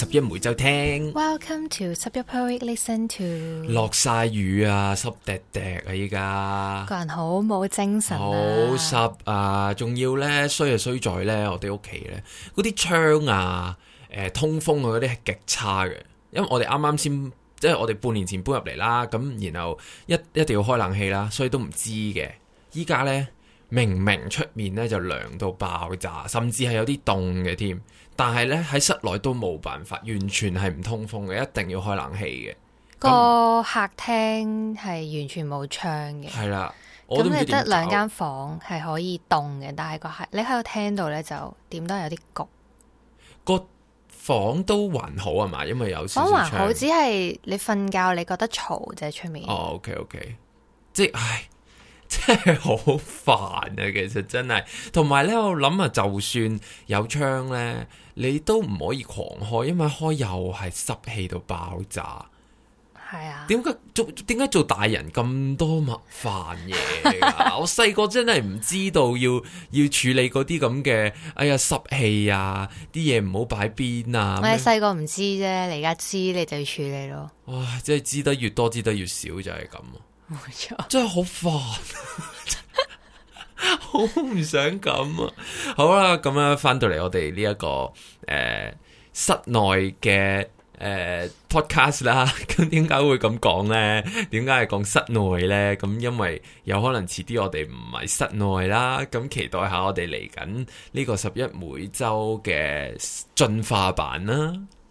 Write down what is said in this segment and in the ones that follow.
拾壹每週聽，Welcome to 十一 Period Listen to。落晒雨濕滴滴啊，濕滴滴啊，依家個人好冇精神，好濕啊，仲要咧衰就衰在咧，我哋屋企咧嗰啲窗啊，誒通風啊，嗰啲係極差嘅，因為我哋啱啱先即係我哋半年前搬入嚟啦，咁然後一一定要開冷氣啦，所以都唔知嘅。依家咧明明出面咧就涼到爆炸，甚至係有啲凍嘅添。但係咧喺室內都冇辦法，完全係唔通風嘅，一定要開冷氣嘅。個客廳係完全冇窗嘅。係啦，咁你得兩間房係可以凍嘅，但係個客你喺個廳度咧就點都有啲焗。個房都還好吖嘛，因為有房還好，只係你瞓覺你覺得嘈就啫、是，出面、oh, okay, okay.。哦，OK，OK，即係唉。真係好煩啊！ 其實真係，同埋呢，我諗啊，就算有窗呢，你都唔可以狂開，因為開又係濕氣到爆炸。係啊，點解做？點解做大人咁多麻煩嘢？ 我細個真係唔知道要要處理嗰啲咁嘅，哎呀濕氣啊，啲嘢唔好擺邊啊。我係細個唔知啫，你而家知你就要處理咯。哇，即係知得越多，知得越少，就係咁。真係好煩，好 唔想咁啊！好啦，咁樣翻到嚟，這個，我哋呢一個誒室內嘅誒 podcast 啦，咁點解會咁講呢？點解係講室內呢？咁，嗯，因為有可能遲啲我哋唔係室內啦，咁，嗯，期待下我哋嚟緊呢個十一每周嘅進化版啦。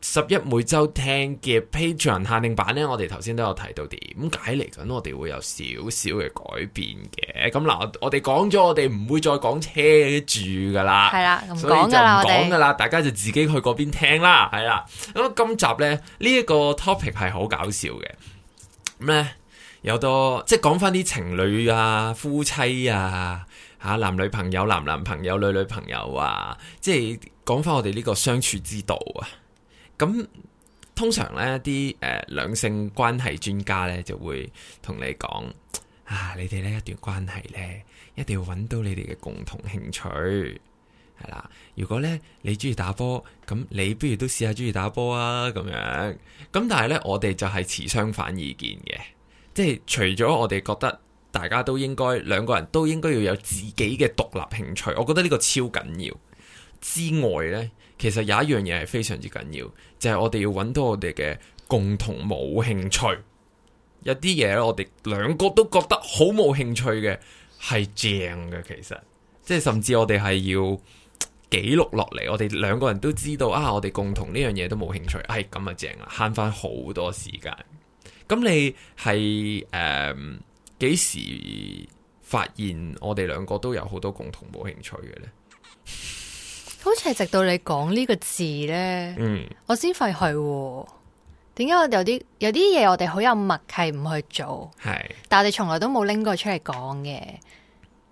拾壹每週聽嘅 Patreon 限定版呢，我哋頭先都有提到點解嚟緊我哋會有少少嘅改變嘅。咁嗱，我哋講咗，我哋唔會再講車住噶啦，係啦，所以就唔講噶啦，我哋大家就自己去嗰邊聽啦，係啦。咁今集呢，呢呢一個 topic 係好搞笑嘅，咩、嗯？有多即係講翻啲情侶啊、夫妻啊、吓男女朋友、男男朋友、女女朋友啊，即係講翻我哋呢個相處之道啊。咁通常呢啲誒兩性關係專家呢，就會同你講：啊，你哋呢一段關係呢，一定要揾到你哋嘅共同興趣，係啦。如果呢你中意打波，咁你不如都試下中意打波啊。咁樣咁，但係呢，我哋就係持相反意見嘅，即係除咗我哋覺得大家都應該，兩個人都應該要有自己嘅獨立興趣，我覺得呢個超緊要之外呢。其實有一樣嘢係非常之緊要，就係我哋要揾到我哋嘅共同冇興趣。有啲嘢我哋兩個都覺得好冇興趣嘅係正嘅。其實，即係甚至我哋係要記錄落嚟，我哋兩個人都知道啊，我哋共同呢樣嘢都冇興趣，係咁啊正啊，慳翻好多時間。咁你係誒幾時發現我哋兩個都有好多共同冇興趣嘅呢？好似係直到你講呢個字呢，嗯、我先發覺，點解我哋有啲有啲嘢我哋好有默契唔去做，是的 但係我哋從來都冇拎過出嚟講嘅。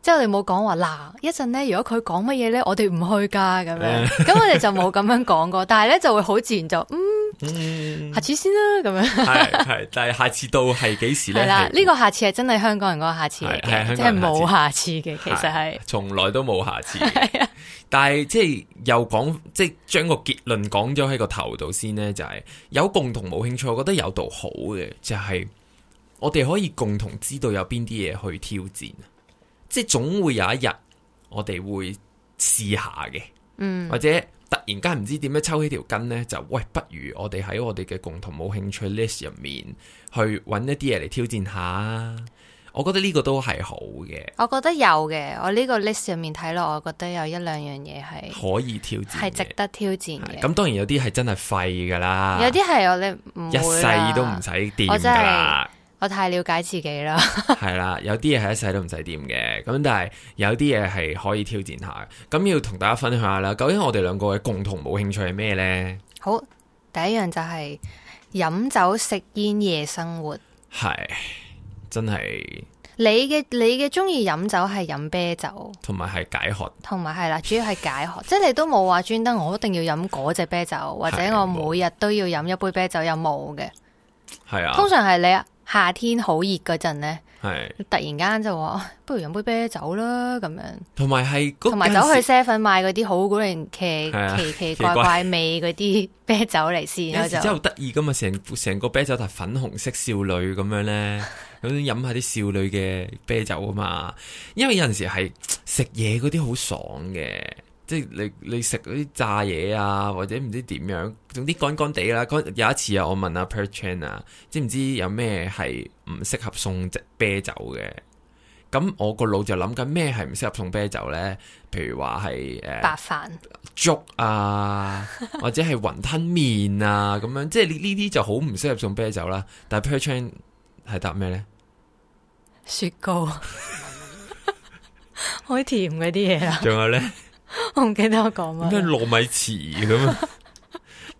即係你冇講話嗱，一陣咧，如果佢講乜嘢咧，我哋唔去㗎咁樣。咁我哋就冇咁樣講過，但係咧就會好自然就嗯，嗯下次先啦咁樣。係 係，但係下次到係幾時咧？係啦，呢、這個下次係真係香港人嗰個下次，即係冇下次嘅。其實係從來都冇下次， 但係即係又講，即係將個結論講咗喺個頭度先呢，就係、是、有共同冇興趣，我覺得有度好嘅就係、是、我哋可以共同知道有邊啲嘢去挑戰。即係總會有一日，我哋會試下嘅，或者突然間唔知點樣抽起條筋呢？就喂，不如我哋喺我哋嘅共同冇興趣 list 入面，去揾一啲嘢嚟挑戰下。我覺得呢個都係好嘅，我覺得，我覺得有嘅。我呢個 list 入面睇落，我覺得有一兩樣嘢係可以挑戰，係值得挑戰嘅。咁、嗯、當然有啲係真係廢噶啦，有啲係我哋一世都唔使掂噶。我太了解自己啦。係啦，有啲嘢係一世都唔使掂嘅，咁但係有啲嘢係可以挑戰下嘅。咁要同大家分享下啦。究竟我哋兩個嘅共同冇興趣係咩呢？好，第一樣就係飲酒食煙夜生活，係真係。你嘅你嘅中意飲酒係飲啤酒，同埋係解渴，同埋係啦，主要係解渴。 即係你都冇話專登，我一定要飲嗰隻啤酒，或者我每日都要飲一杯啤酒有冇嘅。係啊的，通常係你啊。夏天好熱嗰陣咧，是突然間就話不如飲杯啤酒啦咁樣，同埋係同埋走去 seven 買嗰啲好古靈奇奇、啊、奇怪怪，怪味嗰啲 啤酒嚟先，之後得意噶嘛，成成 個啤酒就係粉紅色少女咁樣咧，咁飲 下啲少女嘅啤酒啊嘛，因為有陣時係食嘢嗰啲好爽嘅。即係你你食嗰啲炸嘢啊，或者唔知點樣，總之乾乾地啦。有一次啊，我問阿 Perchen 啊，知唔知有咩係唔適合送隻啤酒嘅？咁我個腦就諗緊咩係唔適合送啤酒咧？譬如話係誒白飯飯、粥啊，或者係雲吞麵啊，咁樣 即係呢啲就好唔適合送啤酒啦。但 Perchenna 係答咩咧？雪糕 好甜嗰啲嘢啊！仲有咧？我唔記得我講乜，咩糯米糍咁啊，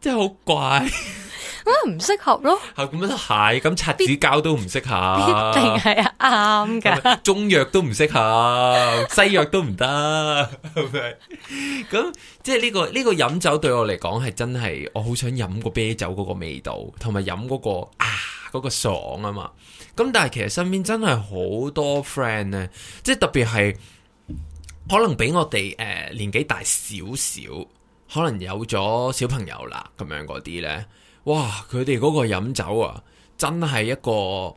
真係好怪。咁啊唔適合咯，係咁樣鞋咁擦紙膠都唔適合，一定係啊啱噶。中藥都唔適合，西藥都唔得。咁即係呢個呢個飲酒對我嚟講係真係，我好想飲個啤酒嗰個味道，同埋飲嗰個啊嗰、嗰個爽啊嘛。咁但係其實身邊真係好多 friend 咧，即、就、係、係、特別係。可能比我哋誒、呃、年紀大少少，可能有咗小朋友啦，咁樣嗰啲呢？哇！佢哋嗰個飲酒啊，真係一個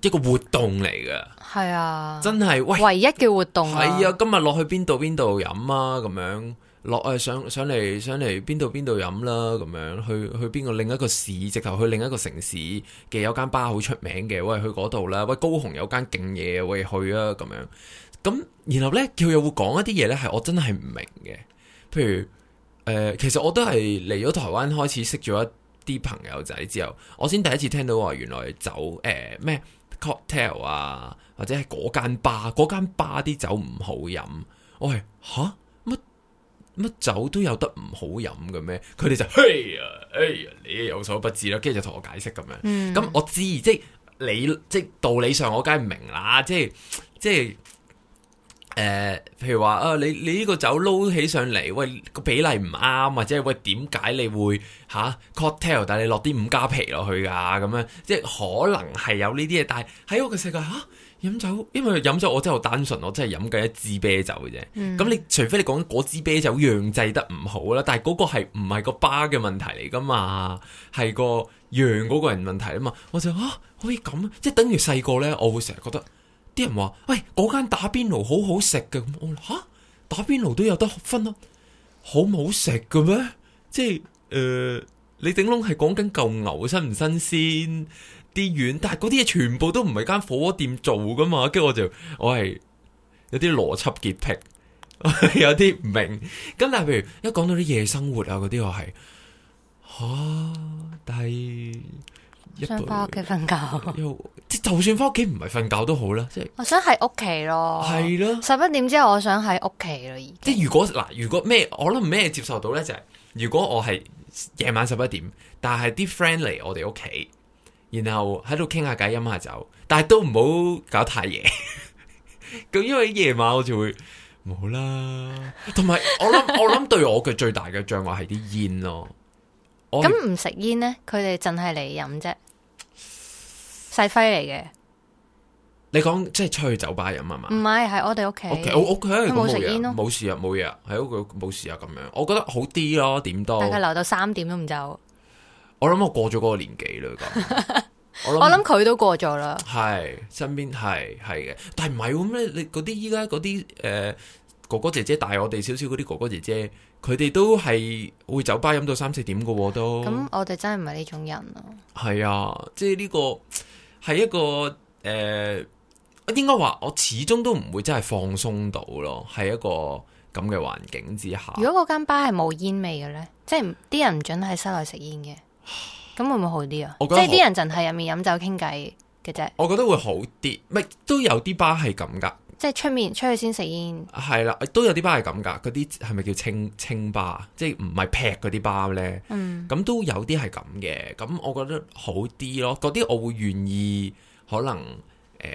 一個活動嚟㗎。係啊，真係喂，唯一嘅活動、啊。係啊，今日落去邊度邊度飲啊，咁樣落誒上上嚟上嚟邊度邊度飲啦，咁樣去去邊個另一個市，直頭去另一個城市嘅有間吧好出名嘅，喂去嗰度啦，喂高雄有間勁嘢，喂去啊，咁樣。咁，然後呢，佢又會講一啲嘢呢，係我真係唔明嘅。譬如，誒、呃，其實我都係嚟咗台灣開始識咗一啲朋友仔之後，我先第一次聽到話，原來酒誒咩、呃、cocktail 啊，或者係嗰間吧，嗰間吧啲酒唔好飲。我係吓乜乜酒都有得唔好飲嘅咩？佢哋就、嗯、嘿啊，哎呀、啊，你有所不知啦，跟住就同我解釋咁樣。咁、嗯、我知，即係你即係道理上我梗係唔明啦，即係即係。即誒、呃，譬如話啊，你你呢個酒撈起上嚟，喂個比例唔啱，或者喂點解你會吓 cocktail，但你落啲五加皮落去噶咁樣，即係可能係有呢啲嘢。但係喺、哎、我嘅世界吓，飲、啊、酒因為飲酒我真係好單純，我真係飲緊一支啤酒嘅啫。咁、嗯、你除非你講嗰支啤酒釀製得唔好啦，但係嗰個係唔係個巴嘅問題嚟噶嘛，係個釀嗰個人問題啊嘛。我就吓、啊、可以咁，即係等於細個咧，我會成日覺得。啲人話，喂，嗰間打邊爐好好食嘅。咁我吓打邊爐都有得分咯，啊，好唔好食嘅咩？即係，誒、呃，你整窿係講緊舊牛新唔新鮮啲丸，但係嗰啲嘢全部都唔係間火鍋店做噶嘛，跟住我就我係有啲邏輯潔癖， 有啲唔明。咁但係譬如一講到啲夜生活啊，嗰啲我係吓、啊，但係。想翻屋企瞓覺，即 就算翻屋企唔係瞓覺都好啦。即係、 就係、我想喺屋企咯，係啦、啊。十一點之後我，我想喺屋企咯。即係如果嗱，如果咩，我諗咩接受到咧，就係、係、如果我係夜晚十一點，但係啲 friend 嚟我哋屋企，然後喺度傾下偈、飲下酒，但係都唔好搞太夜。咁 因為夜晚我就會冇啦。同埋我諗， 我諗對我嘅最大嘅障礙係啲煙咯。咁唔食煙咧，佢哋淨係嚟飲啫，細輝嚟嘅。你講即係出去酒吧飲啊嘛？唔係，係我哋屋企。我屋企都冇食煙咯，冇事啊，冇嘢。喺屋企冇事啊，咁樣我覺得好啲咯，都點多。但係留到三點都唔走。我諗我過咗嗰個年紀啦，我諗我諗佢都過咗啦。係身邊係係嘅，但係唔係咁咩？你嗰啲依家嗰啲誒哥哥姐姐大我哋少少嗰啲哥哥姐姐。佢哋都係會酒吧飲到三四點㗎喎，都咁、嗯、我哋真係唔係呢種人咯，啊。係啊，即係呢個係一個誒、呃，應該話我始終都唔會真係放鬆到咯，係一個咁嘅環境之下。如果嗰間吧係冇煙味嘅咧，即係啲人唔准喺室內食煙嘅，咁會唔會好啲啊？即係啲人淨係入面飲酒傾偈嘅啫。我覺得會好啲，咪都有啲吧係咁噶。即係出面出去先食煙，係啦，都有啲吧係咁噶，嗰啲係咪叫清清吧？即係唔係劈嗰啲吧咧？咁、嗯、都有啲係咁嘅。咁我覺得好啲咯。嗰啲我會願意，可能誒、呃、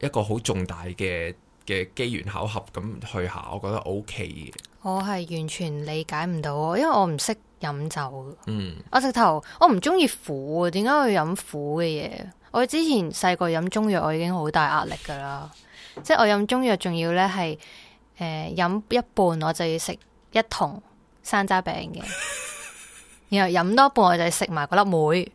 一個好重大嘅嘅機緣巧合咁去下，我覺得 O K 嘅。我係完全理解唔到，因為我唔識飲酒。嗯，我直頭我唔中意苦，點解我要飲苦嘅嘢？我之前細個飲中藥，我已經好大壓力噶啦。即係我飲中藥，仲要咧係誒飲一半，我就要食一筒山楂餅嘅， 然後飲多半我就食埋嗰粒梅，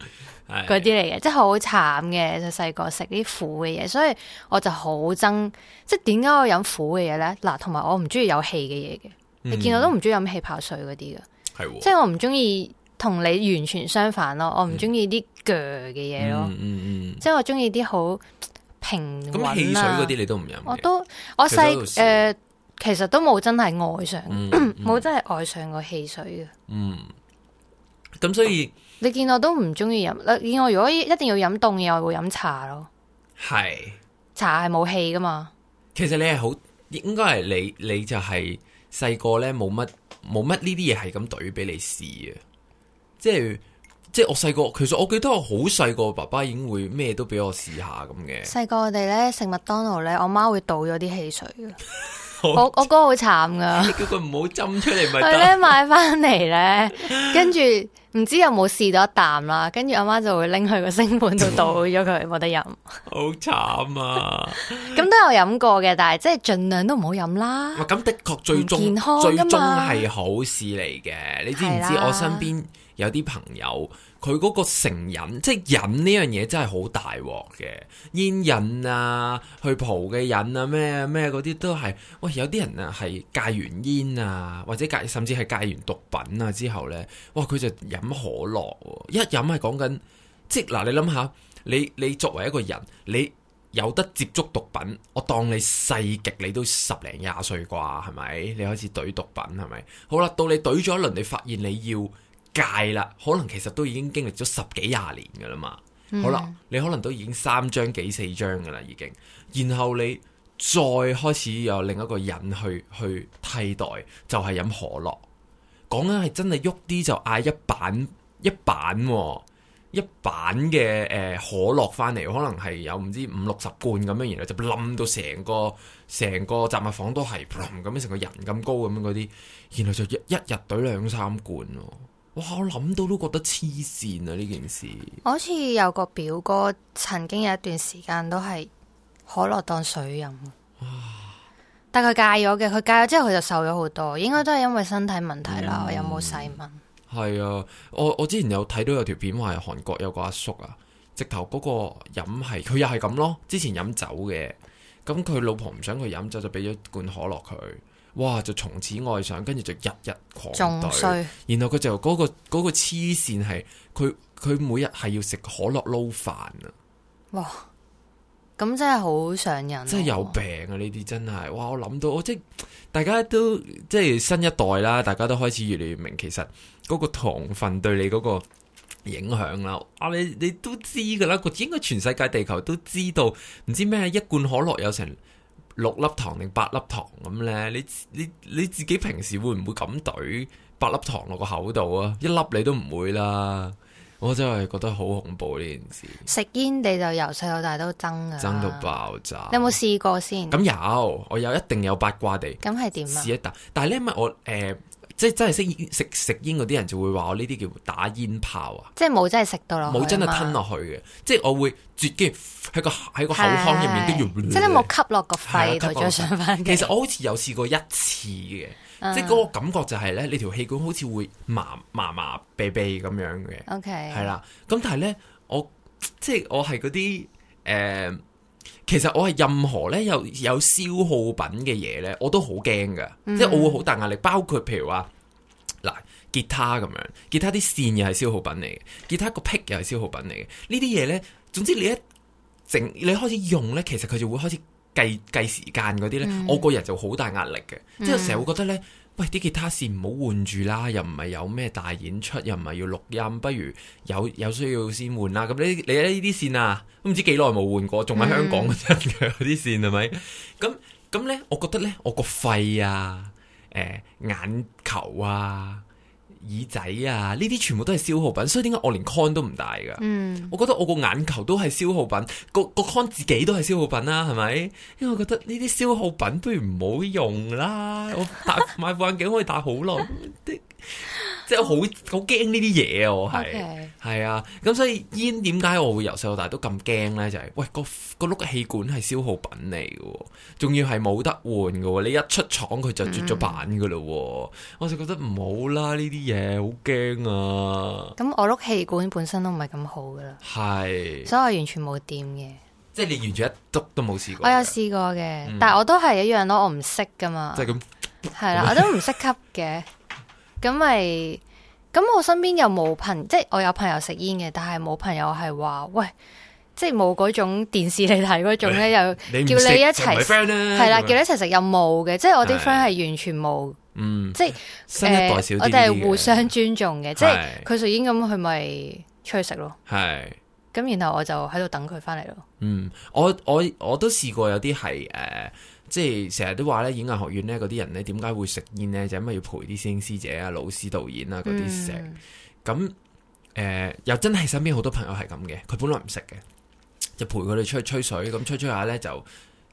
嗰啲嚟嘅，即係好慘嘅。就細個食啲苦嘅嘢，所以我就好憎。即係點解我飲苦嘅嘢咧？嗱，同埋、嗯、我唔中意有氣嘅嘢嘅，你見我都唔中意飲氣泡水嗰啲嘅，嗯、即係我唔中意同你完全相反咯。嗯、我唔中意啲鋸嘅嘢咯，即係我中意啲好。平咁、啊、汽水嗰啲你都唔飲，我都我細誒，其實都冇真係愛上，冇真係愛上過汽水嘅。嗯，咁、 嗯、所以、哦、你見我都唔中意飲，你見我如果一定要飲凍嘢，我會飲茶咯。係是茶係冇氣噶嘛？其實你係好應該係你，你就係細個咧冇乜冇乜呢啲嘢係咁懟俾你試嘅，即係。即係我細個，其實我記得我好細個，爸爸已經會咩都俾我試下咁嘅。細個我哋咧食麥當勞咧，我媽會倒咗啲汽水嘅。 我我哥好慘噶， 叫佢唔好浸出嚟咪。佢咧買翻嚟咧，跟住唔知有冇試到一啖啦。跟住阿媽就會拎去個星盤度倒咗佢，冇 得飲。 好慘啊！咁 都有飲過嘅，但係即係盡量都唔好飲啦。咁 的確最終最終係好事嚟嘅。你知唔知我身邊啦？ 有啲朋友佢嗰個成癮，即係癮呢樣嘢真係好大鑊嘅，煙癮啊，去蒲嘅癮啊，咩咩嗰啲都係。喂，有啲人啊，係戒完煙啊，或者戒甚至係戒完毒品啊之後呢，哇，佢就飲可樂喎，一飲係講緊，即係嗱，呃，你諗下，你你作為一個人，你有得接觸毒品，我當你細極，你都十零廿歲啩，係咪？你開始懟毒品，係咪？好啦，到你懟咗一輪，你發現你要。戒啦，可能其實都已經經歷咗十幾廿年噶啦嘛。嗯、好啦，你可能都已經三張幾四張噶啦，已經。然後你再開始有另一個人去去替代，就係、是、飲可樂。講緊係真係喐啲，就嗌，一板一板，哦，一板嘅誒、呃、可樂翻嚟，可能係有唔知五六十罐咁樣，然後就冧到成個成個雜物房都係咁樣，成個人咁高咁樣嗰啲，然後就一一日懟兩三罐，哦。哇！我諗到都覺得黐線啊！呢件事，我好似有個表哥，曾經有一段時間都係可樂當水飲，哇但佢戒咗嘅，佢戒咗之後佢就瘦咗好多，應該都係因為身體問題啦，嗯、有冇細問？係啊，我我之前有睇到有條片話係韓國有個阿叔啊，直頭嗰個飲係佢又係咁咯，之前飲酒嘅，咁佢老婆唔想佢飲酒，就俾咗罐可樂佢。哇！就從此愛上，跟住就日日狂對，壞然後佢就嗰、嗰個嗰、嗰個黐線係，佢佢每日係要食可樂撈飯啊！哇！咁真係好上癮，真係有病啊！呢啲真係哇！我諗到我即大家都即係新一代啦，大家都開始越嚟越明其實嗰個糖分對你嗰個影響啦。啊，你你都知噶啦，應該全世界地球都知道，唔知咩一罐可樂有成六粒糖定八粒糖咁呢？你你你自己平時會唔會咁懟八粒糖落個口度啊？一粒你都唔會啦，我真係覺得好恐怖呢件事。食煙地，就由細到大都爭啊，爭到爆炸。你有冇試過先？咁有，我有一定有八卦地。咁係點啊？試一啖，但係呢，因為我誒。呃即係真係識食食煙嗰啲人就會話我呢啲叫打煙炮啊，即係冇真係食到咯，冇真係吞落去嘅。即係我會絕，跟喺個喺個口腔入面要，跟住即係冇吸落個肺度再上翻。其實我好似有試過一次嘅，嗯、即係嗰個感覺就係咧，你條氣管好似會麻，麻麻麻痹痹咁樣嘅。OK，係啦，嗯。咁但係咧，我即係我係嗰啲誒。呃其實我係任何咧有有消耗品嘅嘢咧，我都好驚噶，mm hmm. 即係我會好大壓力。包括譬如話嗱吉他咁樣，吉他啲線又係消耗品嚟嘅，吉他個 pick 又係消耗品嚟嘅。呢啲嘢咧，總之你一整你開始用咧，其實佢就會開始計計時間嗰啲咧，mm hmm. 我個人就好大壓力嘅，mm hmm. 即係成日會覺得咧。喂，啲吉他線唔好換住啦，又唔係有咩大演出，又唔係要錄音，不如有有需要先換啦。咁你你呢啲線啊，都唔知幾耐冇換過，仲喺香港嘅嗰啲線係咪？咁咁呢，我覺得呢，我個肺啊、呃，眼球啊。耳仔啊，呢啲全部都係消耗品，所以點解我連 con 都唔戴噶？嗯，我覺得我個眼球都係消耗品，個個 con 自己都係消耗品啦、啊，係咪？因為我覺得呢啲消耗品都唔好用啦。我戴 買副眼鏡可以戴好耐， 即係好好驚呢啲嘢啊！我係係 Okay. 啊，咁所以煙點解我會由細到大都咁驚咧？就係、係、喂、個、個碌氣管係消耗品嚟嘅，仲要係冇得換嘅，你一出廠佢就絕咗版嘅咯，嗯、我就覺得唔好啦呢啲嘢。嘢好驚啊！咁我碌氣管本身都唔係咁好噶啦，係，所以我完全冇掂嘅，即係你完全一督都冇試過。我有試過嘅，但係我都係一樣咯，我唔識噶嘛，即係咁係啦，我都唔識吸嘅，咁咪咁我身邊又冇朋，即係我有朋友食煙嘅，但係冇朋友係話喂，即係冇嗰種電視嚟睇嗰種咧，又叫你一齊 f r 係啦，叫你一齊食又冇嘅，即係我啲 friend 係完全冇。嗯，即係誒，呃、新一代一我哋係互相尊重嘅，的即係佢食煙咁，佢咪出去食咯。係的，咁然後我就喺度等佢翻嚟咯。嗯，我我我都試過有啲係誒，即係成日都話咧，演藝學院咧嗰啲人咧，點解會食煙咧？就係，因為要陪啲師兄師姐啊、老師、導演啊嗰啲食。咁誒、嗯呃，又真係身邊好多朋友係咁嘅，佢本來唔食嘅，就陪佢哋出去吹水，咁吹吹下咧就。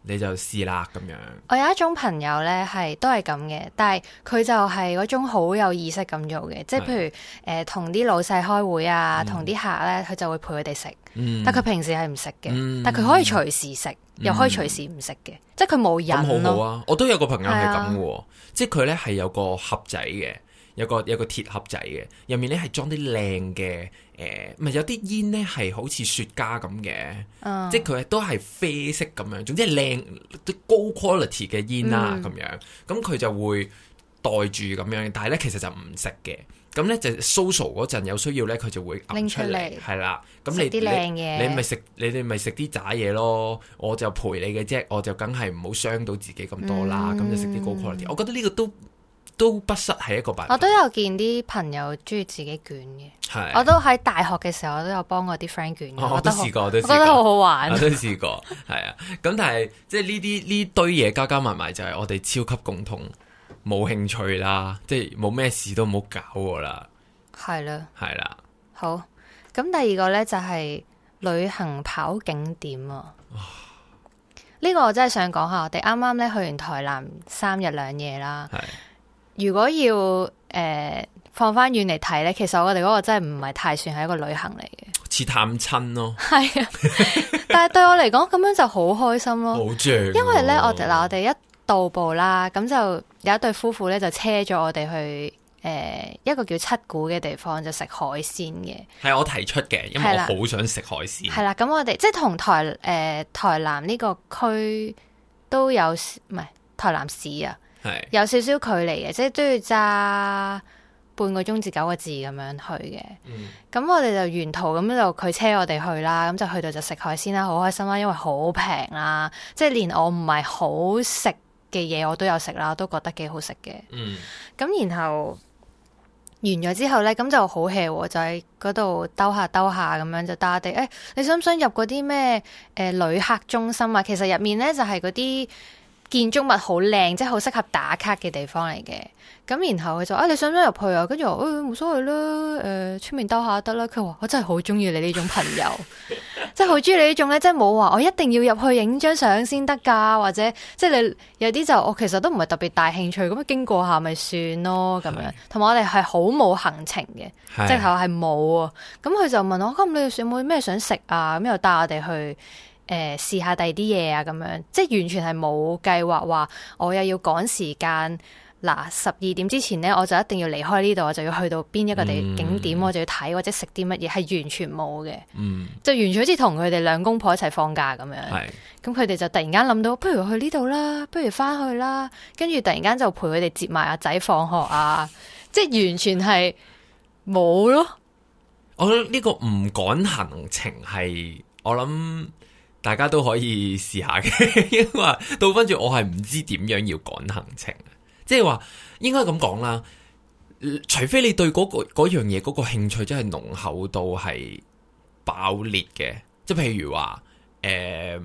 你就試啦咁樣。我有一種朋友呢，係都係咁嘅，但係佢就係嗰種好有意識咁做嘅，即係的譬如誒，同啲老細開會啊，同啲、嗯、客呢，佢就會陪佢哋食。嗯、但佢平時係唔食嘅，嗯、但佢可以隨時食，嗯、又可以隨時唔食嘅，即係佢冇飲咯。咁好好啊！我都有個朋友係咁嘅，的即係佢呢係有個盒仔嘅，有個有個鐵盒仔嘅，入面呢係裝啲靚嘅。誒唔係有啲煙咧係好似雪茄咁嘅，嗯、即係佢都係啡色咁樣，總之係靚啲高 quality 嘅煙啦、啊、咁樣，咁、嗯、佢就會袋住咁樣，但係咧其實就唔食嘅，咁咧就 social 嗰陣有需要咧，佢就會拎出嚟，係啦，咁、嗯嗯、你你你咪食你哋咪食啲渣嘢咯，我就陪你嘅啫，我就梗係唔好傷到自己咁多啦，咁、嗯嗯、就食啲高 quality，我覺得呢個都。都不失係一個辦法。我都有見啲朋友中意自己捲嘅，我都喺大學嘅時候，我都有幫過啲 friend 捲嘅。我都試過，我都試過，覺得好好玩。我都試過，係啊。咁但係即係呢啲呢堆嘢加加埋埋，就係我哋超級共同，冇興趣啦，即係冇咩事都唔好搞啦。係啦，係啦。好，咁第二個呢就係旅行跑景點啊。呢個我真係想講下，我哋啱啱呢去完台南三日兩夜啦。如果要誒、呃、放翻遠嚟睇咧，其實我哋嗰個真係唔係太算係一個旅行嚟嘅，似探親咯。係啊，但係對我嚟講咁樣就好開心咯，好正。因為咧，我哋嗱，我哋一到步啦，咁就有一對夫婦咧就車咗我哋去誒、呃、一個叫七股嘅地方，就食海鮮嘅。係我提出嘅，因為我好想食海鮮。係啦，咁、嗯嗯、我哋即係同台誒、呃、台南呢個區都有，唔係台南市啊。有少少距離嘅，即係都要揸半個鐘至九個字咁樣去嘅。咁、嗯、我哋就沿途咁就佢車我哋去啦。咁就去到就食海鮮啦，好開心啦，因為好平啦。即係連我唔係好食嘅嘢，我都有食啦，都覺得幾好食嘅。咁、嗯、然後完咗之後呢，咁就好 hea，就喺嗰度兜下兜下咁樣就打地。誒、欸，你想唔想入嗰啲咩誒旅客中心啊？其實入面呢就係嗰啲。建築物好靚，即係好適合打卡嘅地方嚟嘅。咁然後佢就啊、哎，你想唔想入去啊？跟住我，誒、哎，冇所謂啦，誒、呃，出面兜下得啦。佢話我真係好中意你呢種朋友， 即係好中意你呢種咧，即係冇話我一定要入去影張相先得噶，或者即係你有啲就我其實都唔係特別大興趣，咁經過下咪算咯，咁樣。同埋是我哋係好冇行程嘅，是即係我係冇啊。咁佢就問我，咁你哋有冇咩想食啊？咁又帶我哋去。誒，試下第二啲嘢啊，咁樣，即係完全係冇計劃話，我又要趕時間嗱，十二點之前呢，我就一定要離開呢度，我就要去到邊一個地、嗯、景點，我就要睇或者食啲乜嘢，係完全冇嘅，嗯，就完全好似同佢哋兩公婆一齊放假咁、嗯、樣，係是，咁佢哋就突然間諗到，不如去呢度啦，不如翻去啦，跟住突然間就陪佢哋接埋阿仔放學啊， 即係完全係冇咯。我覺得呢個唔趕行程係，我諗。大家都可以試下嘅，因為到翻住我係唔知點樣要趕行程，即係話應該咁講啦。除非你對嗰、嗰個樣嘢嗰個興趣真係濃厚到係爆裂嘅，即係譬如話誒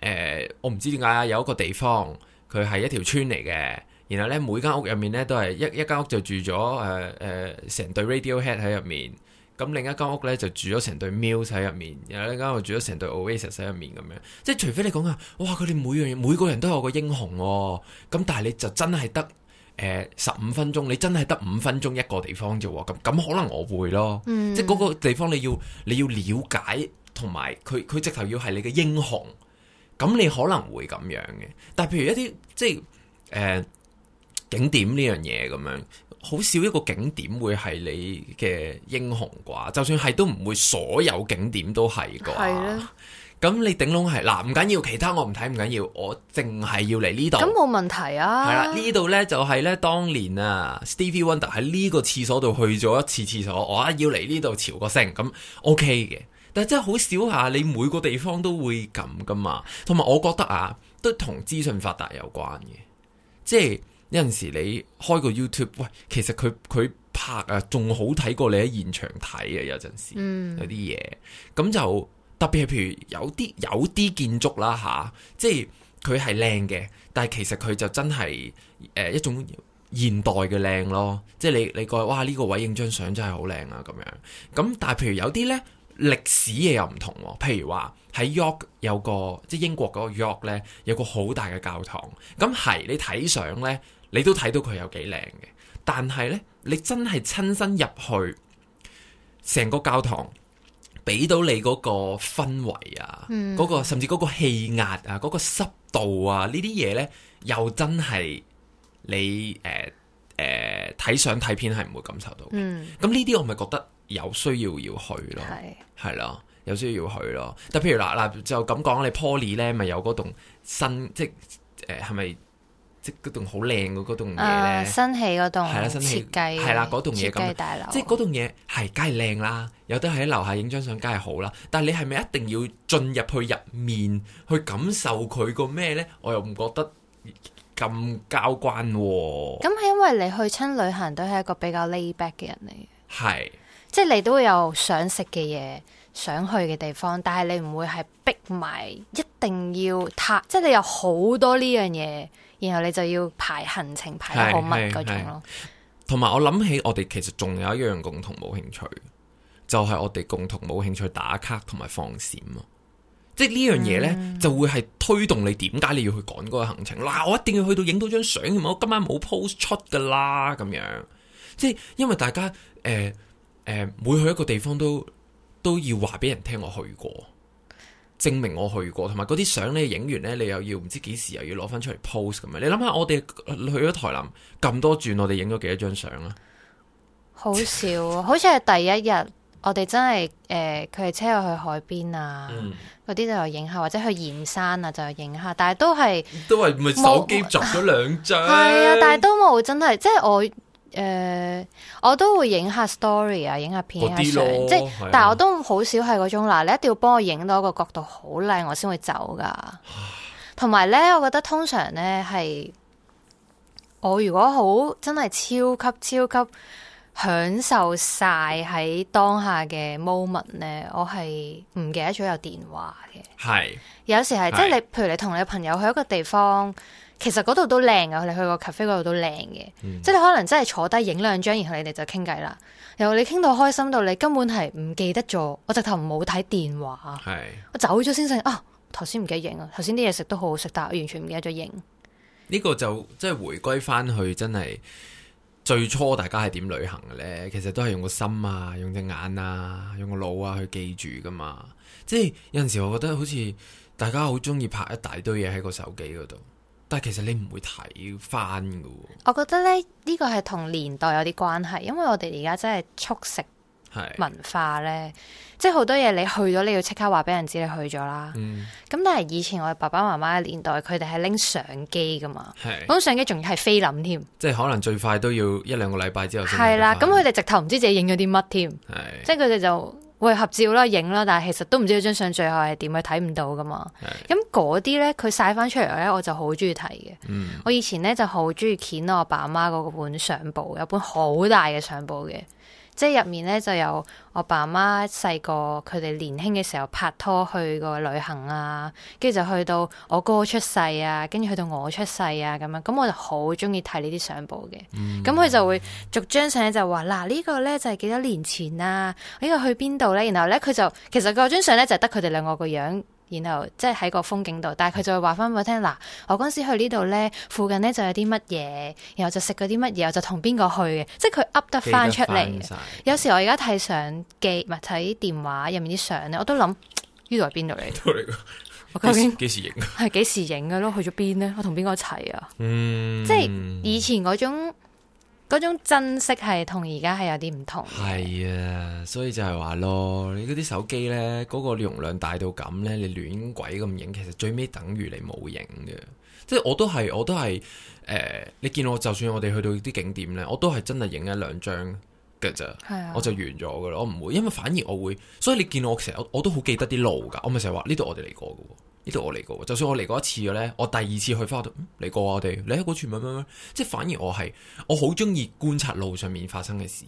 誒，我唔知點解呀，有一個地方佢係一條村嚟嘅，然後咧每間屋入面咧都係一一間屋就住咗誒誒成對 Radiohead 喺入面。咁另一間屋咧就住咗成對 Mills 喺入面，然後一間屋住咗成對 Oasis 喺入面咁樣，即係除非你講啊，哇！佢哋每樣嘢每個人都有個英雄喎、哦，咁但係你就真係得誒十五分鐘，你真係得五分鐘一個地方啫喎，咁咁可能我會咯，嗯、即係嗰個地方你要你要了解同埋佢佢直頭要係你嘅英雄，咁你可能會咁樣嘅。但係譬如一啲即係誒、呃、景點呢樣嘢咁樣。好少一個景點會係你嘅英雄啩，就算係都唔會所有景點都係啩。係咧，咁的你頂籠係嗱，唔緊要，其他我唔睇，唔緊要，我淨係要嚟呢度。咁冇問題啊。係啦，呢度呢就係、是、呢當年啊，Stevie Wonder 喺呢個廁所度去咗一次廁所，我啊要嚟呢度朝個聲咁、嗯、OK 嘅。但係真係好少下，你每個地方都會咁噶嘛。同埋我覺得啊，都同資訊發達有關嘅，即係。有陣時你開個 YouTube，喂，其實佢佢拍啊，仲好睇過你喺現場睇啊！有陣時有啲嘢，咁、嗯、就特別係譬如有啲有啲建築啦吓，即係佢係靚嘅，但係其實佢就真係誒、呃、一種現代嘅靚咯，即係你你覺得哇呢、這個位影張相真係好靚啊咁樣。咁但係譬如有啲咧歷史嘢又唔同喎、啊，譬如話喺 York 有個即係英國嗰個 York 咧，有個好大嘅教堂，咁係你睇相咧。你都睇到佢有幾靚嘅，但係呢，你真係親身入去，成個教堂俾到你嗰個氛圍啊，嗰、嗯嗰個甚至嗰個氣壓啊，嗰、嗰個濕度啊，呢啲嘢呢，又真係你誒誒睇相睇片係唔會感受到嘅。咁呢啲我咪覺得有需要要去咯，係係是咯，有需要要去咯。但譬如嗱嗱，就咁講，你 Poly 咧咪有嗰棟新，即係係咪？呃是即嗰棟好靚嘅嗰棟嘢咧，新起嗰棟設計，係啦嗰棟嘢咁，即嗰棟嘢係梗係靚啦，有得喺樓下影張相梗係好啦。但係你係咪一定要進入去入面去感受佢個咩咧？我又唔覺得咁交關喎。咁係因為你去親旅行都係一個比較 layback 嘅人嚟嘅，係是即你都會有想食嘅嘢、想去嘅地方，但係你唔會係逼埋一定要塌，即你有好多呢樣嘢。然後你就要排行程排好密嗰種咯，同埋 我諗起我哋其實仲有一樣共同冇興趣，就係、是、我哋共同冇興趣打卡同埋放閃啊！即係呢樣嘢呢，嗯、就會係推動你點解你要去趕嗰個行程嗱、啊，我一定要去到影到張相，我今晚冇 post 出噶啦咁樣，即係因為大家誒誒、呃呃、每去一個地方都都要話俾人聽我去過。證明我去過，同埋嗰啲相咧影完咧，你又要唔知幾時又要攞翻出嚟 post 咁樣。你諗下，我哋去咗台南咁多轉，我哋影咗幾多張相啊、哦？好少，好似係第一日，我哋真係誒，佢係車我去海邊啊，嗰啲、嗯、就有影下，或者去鹽山啊就有影下，但係都係都係咪手機抓咗兩張？係 啊，但係都冇真係，即係我。誒，uh, 我都會影下 story 啊，影下片，影下相，即係片，但係我都好少係嗰種，嗱，是的 你一定要幫我影到一個角度好靚，我先會走噶。同埋咧，我覺得通常咧係，我如果好真係超級超級享受晒喺當下嘅 moment 咧，我係唔記得咗有電話嘅。係，是的 有時係即係你，是的 譬如你同你朋友去一個地方。其實嗰度都靚噶，去過嗯、你去個咖啡嗰度都靚嘅，即係可能真係坐低影兩張，然後你哋就傾偈啦。然後你傾到開心到你根本係唔記得咗，我直頭唔好睇電話。係是我走咗先先，啊，頭先唔記得影啊，頭先啲嘢食都好好食，但係我完全唔記得咗影。呢個就即係、就是、回歸翻去，真係最初大家係點旅行嘅咧？其實都係用個心啊，用隻眼啊，用個腦啊去記住噶嘛。即係有陣時我覺得好似大家好中意拍一大堆嘢喺個手機嗰度。但係其實你唔會睇翻噶，我覺得咧呢、這個係同年代有啲關係，因為我哋而家真係速食係文化咧，是即係好多嘢你去咗你要即刻話俾人知你去咗啦。咁、嗯、但係以前我哋爸爸媽媽嘅年代，佢哋係拎相機噶嘛，嗰種是相機仲要係菲林添，是即係可能最快都要一兩個禮拜之後。係啦、啊，咁佢哋直頭唔知自己影咗啲乜添，是即係佢哋就。會，合照啦，影啦，但係其實都唔知張相最後係點，佢睇唔到噶嘛。咁嗰啲咧，佢晒翻出嚟咧，我就好中意睇嘅。嗯、我以前咧就好中意掀我爸阿媽嗰本相簿，有本好大嘅相簿嘅。即係入面咧，就有我爸媽細個，佢哋年輕嘅時候拍拖去過旅行啊，跟住就去到我哥出世啊，跟住去到我出世啊咁樣，咁我就好中意睇呢啲相簿嘅。咁佢、嗯、就會逐張相咧就話嗱、這個、呢個咧就係、是、幾多年前啊，呢、這個去邊度咧，然後咧佢就其實嗰張相咧就係得佢哋兩個個樣。然後即係喺個風景度，但係佢就會話翻俾我聽嗱、嗯啊，我嗰時去呢度咧，附近咧就有啲乜嘢，然後就食嗰啲乜嘢，然後就同邊個去嘅，即係佢噏得翻出嚟。有時我而家睇相機，唔係睇電話入面啲相咧，我都諗呢度係邊度嚟？ 我究竟幾時影？係幾時影㗎咯？去咗邊咧？我同邊個一齊啊？嗯，即係以前嗰種。嗰種珍惜係同而家係有啲唔同。係啊，所以就係話咯，你嗰啲手機呢，嗰個容量大到咁呢，你亂鬼咁影，其實最尾等於你冇影嘅。即係我都係，我都係，誒、呃，你見我就算我哋去到啲景點呢，我都係真係影一兩張㗎咋，啊、我就完咗㗎喇。我唔會，因為反而我會，所以你見我成日我，我都好記得啲路㗎。我咪成日話呢度我哋嚟過嘅。呢度我嚟過，就算我嚟過一次嘅咧，我第二次去翻都嚟過我哋，你喺嗰處乜乜乜，即係反而我係我好中意觀察路上面發生嘅事，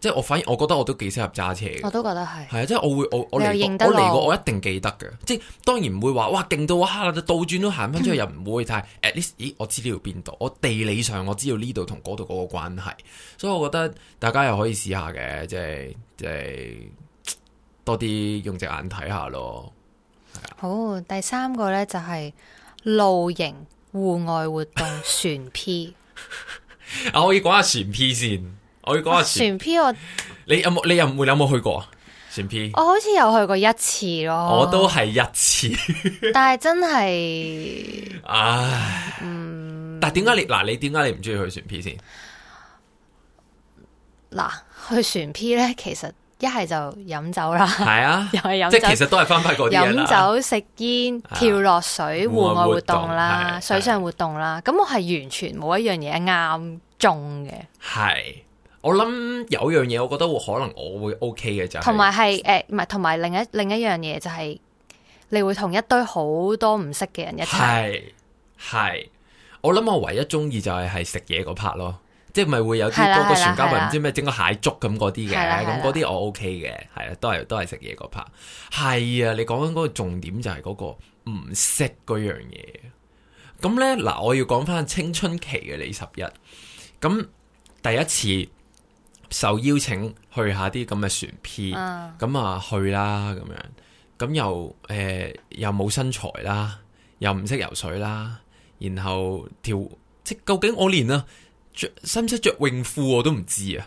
即係我反而我覺得我都幾適合揸車，我都覺得係，係啊，即係我會我我嚟過，我嚟過我一定記得嘅，即係當然唔會話哇勁到我哈，倒轉都行翻出去又唔會太，咦我知呢度邊度，我地理上我知道呢度同嗰度嗰個關係，所以我覺得大家又可以試下嘅，即係即係多啲用隻眼睇下咯。好，第三個呢就係、是、露營戶外活動船 P， 我可以講下船 P 先。我要講下船 P，我你有冇你有冇去過船 P？我好似有去過一次咯，我都係一次， 但係真係，唉，嗯、但係點解你嗱你點解你唔中意去船 P 先？嗱、啊，去船 P 呢，其實。一係就飲酒啦，係啊，又係飲酒，即係其實都係翻翻嗰啲嘢啦。飲酒、食煙、跳落水、啊、戶外活動啦、動水上活動啦，咁是我係完全冇一樣嘢啱中嘅。係，我諗有樣嘢，我覺得我可能我會 OK 嘅就係、是，同埋係誒，唔係同埋另一另一樣嘢就係、是，你會同一堆好多唔識嘅人一齊。係，我諗我唯一中意就係係食嘢嗰 part 咯。即係咪會有啲個個船家咪唔知咩整個蟹粥咁嗰啲嘅，咁嗰啲我 OK 嘅，係啦，都係都係食嘢嗰 part。係啊，你講緊嗰個重點就係嗰個唔識嗰樣嘢。咁咧嗱，我要講翻青春期嘅李十一。咁第一次受邀請去下啲咁嘅船 P、嗯，咁啊去啦咁樣。咁又誒、呃、又冇身材啦，又唔識游水啦，然後跳即究竟我連啊？着使唔使着泳褲我都唔知啊，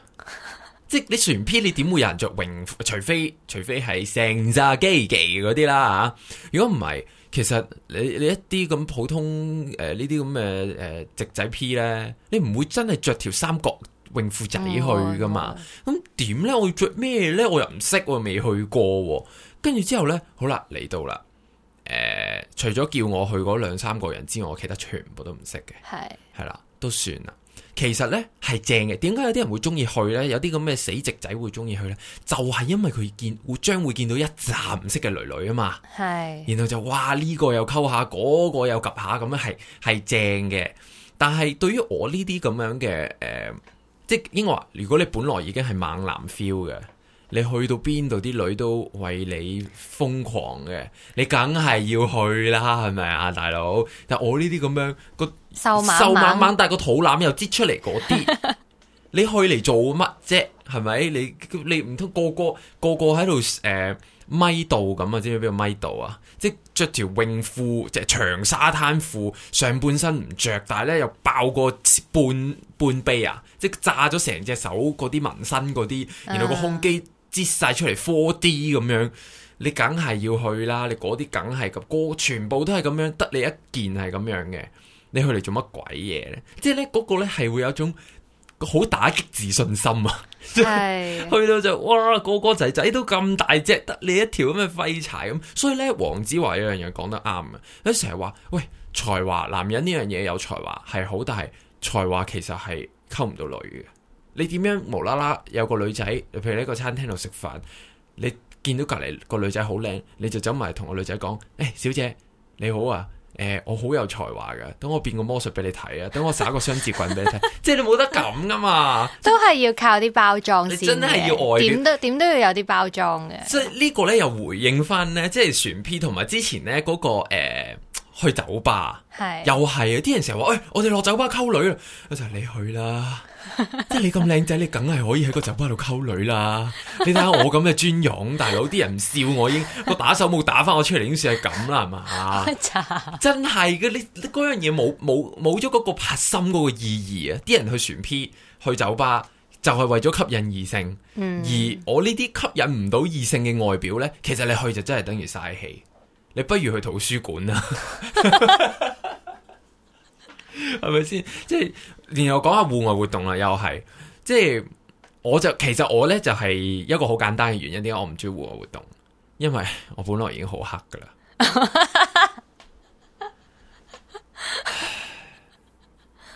即係你船 P，你點會有人着泳褲？除非除非係成扎機技嗰啲啦吓。如果唔係，其實你你一啲咁普通誒呢啲咁嘅誒直仔 P 咧，你唔會真係着條三角泳褲仔去噶嘛？咁點咧？我要着咩咧？我又唔識啊，我未去過，跟住之後咧，好啦嚟到啦。誒、呃，除咗叫我去嗰兩三個人之外，我其他全部都唔識嘅係，係啦，都算啦。其實呢係正嘅，點解有啲人會中意去呢？有啲咁嘅死直仔會中意去呢？就係、是、因為佢見會將會見到一站式嘅女女啊嘛。係是，然後就哇呢、這個又溝下，嗰、這個又及下，咁、這個、樣係係正嘅。但係對於我呢啲咁樣嘅誒、呃，即係應該話，如果你本來已經係猛男 feel 嘅。你去到邊度啲女都為你瘋狂嘅，你梗係要去啦，係咪啊，大佬？但我呢啲咁樣個瘦瘦蜢蜢，但係個肚腩又擠出嚟嗰啲， 你去嚟做乜啫？係咪你？你唔通個個，個個個個喺度誒咪度咁啊？知唔知邊個咪度啊？即係著條泳褲，即係長沙灘褲，上半身唔着，但係咧又爆過半半臂啊！即係炸咗成隻手嗰啲紋身嗰啲，然後個胸肌。截晒出嚟 4D 咁樣，你梗係要去啦！你嗰啲梗係咁，全部都係咁樣，得你一件係咁樣嘅，你去嚟做乜鬼嘢呢？即係咧嗰個咧係會有種好打擊自信心啊！係是 去到就哇，個個仔仔都咁大隻，得你一條咁嘅廢柴咁，所以咧黃子華有樣嘢講得啱啊。佢成日話：喂才華，男人呢樣嘢有才華係好，但係才華其實係溝唔到女嘅。你點樣無啦啦有個女仔，譬如呢個餐廳度食飯，你見到隔籬個女仔好靚，你就走埋同個女仔講：誒、欸，小姐你好啊，誒、呃，我好有才華噶，等我變個魔術俾你睇啊，等我耍個雙截棍俾你睇， 即係你冇得咁噶嘛，都係要靠啲包裝先，你真係要外表嘅，點都點都要有啲包裝嘅。即係呢個咧又回應翻咧，即係船 P 同埋之前咧嗰、那個誒、呃、去酒吧，係是又係啊！啲人成日話：誒、欸，我哋落酒吧溝女啊，我就你去啦。 即係你咁靚仔，你梗係可以喺個酒吧度溝女啦！你睇下我咁嘅尊容，大佬啲人唔笑我已經個打手冇打翻我出嚟，已經算係咁啦，係嘛？ 真係嘅，你嗰樣嘢冇冇冇咗嗰個拍心嗰個意義啊！啲人去船 P 去酒吧就係、是、為咗吸引異性，嗯、而我呢啲吸引唔到異性嘅外表咧，其實你去就真係等於嘥氣，你不如去圖書館啦，係咪先？即係。然後講下戶外活動啦，又係即係，我就其實我咧就係、是、一個好簡單嘅原因，點解我唔中意戶外活動？因為我本來已經好黑噶啦，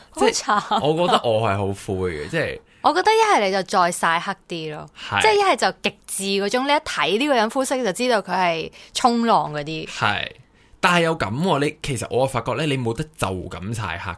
好慘，我覺得我係好灰嘅，即係我覺得一係你就再曬黑啲咯，是即係一係就極致嗰種，你一睇呢個人膚色就知道佢係衝浪嗰啲。係，但係又咁、啊，你其實我發覺咧，你冇得就咁曬黑嘅。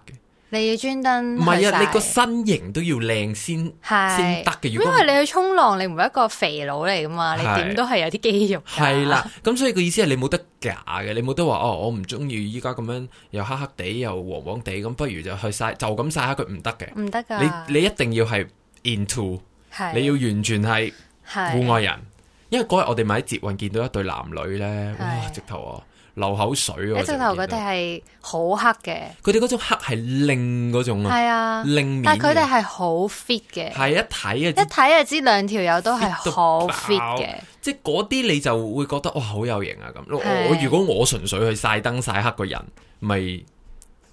你要專登，唔係啊！你個身形都要靚先，先得嘅。如果因為你去衝浪，你唔係一個肥佬嚟噶嘛，的你點都係有啲肌肉。係啦，咁所以個意思係你冇得假嘅，你冇得話哦，我唔中意依家咁樣又黑黑地又黃黃地，咁不如就去曬，就咁曬下佢唔得嘅，唔得噶。你你一定要係 into，的你要完全係戶外人。的因為嗰日我哋咪喺捷運見到一對男女咧，哇，直頭啊！流口水喎！你直頭，佢哋係好黑嘅，佢哋嗰種黑係靚嗰種啊！係啊，靚，但佢哋係好 fit 嘅。係啊，睇啊，一睇就知兩條友都係好 fit 嘅，即係嗰啲你就會覺得哇好、哦、有型啊咁。我、啊、如果我純粹去曬燈曬黑個人，咪